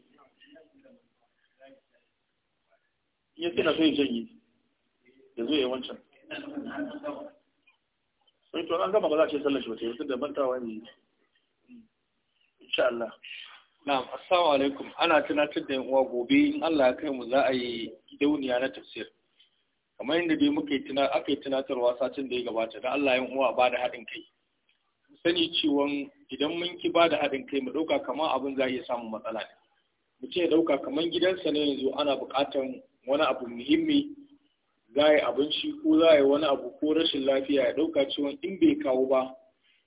ya ce na sai janye ya zo ya yi wancan sai to an gama ba za a ce sallar shi ba ta yi da mantawa ne insha Allah na'am assalamu alaikum ana tunatar da yan uwa gobe in Allah ya kai mu za a yi dauniya na tafsir kamar inda dai muka yi aka yi tunatarwa satin da ya gabata da Allah yan uwa ba da haɗin kai sani cewa idan mun ki ba da haɗin kai mu ɗauka kamar abin za a iya samun matsala ne mu ce ɗauka kamar gidansa ne yanzu ana buƙatar wani abu muhimmi za a yi abinci ko za a yi wani abu ko rashin lafiya ya ɗauka cewa in bai kawo ba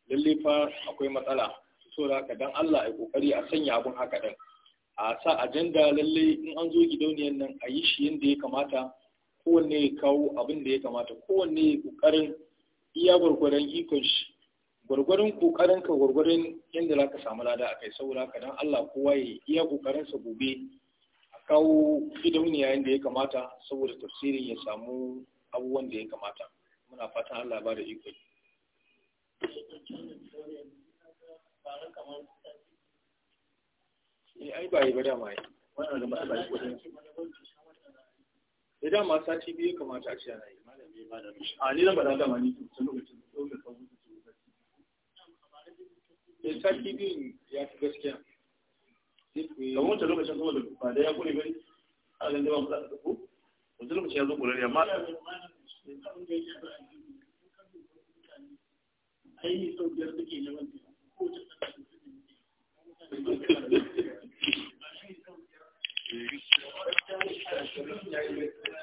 lalle fa akwai matsala so da haka dan Allah ai kokari a sanya abin haka din a sa ajanda lalle in an zo gidauniyar nan a yi shi yadda ya kamata kowanne ya kawo abin da ya kamata kowanne ya kokarin iya gwargwadon ikon shi gwargwarin kokarin ka gwargwaron yadda za ka samu lada a kai saboda ka don Allah kowa ya iya kokarin sa gobe a kawo gidauniya yadda ya kamata saboda tafsiri ya samu abubuwan da ya kamata muna fatan Allah ba da iko eh ai ba yi ba dama yi wannan da matsala yi eh, da dama sati biyu kamata a ce ana yi malami ba da mishi a ni zan ba da dama ni tun lokacin in eh, sati biyun ya fi gaskiya kamar wancan lokacin kuma da ba da ya kure bai a ganin ba kuɗa da ku wancan lokacin ya zo kurari amma ai sau biyar suke na wanda ko ta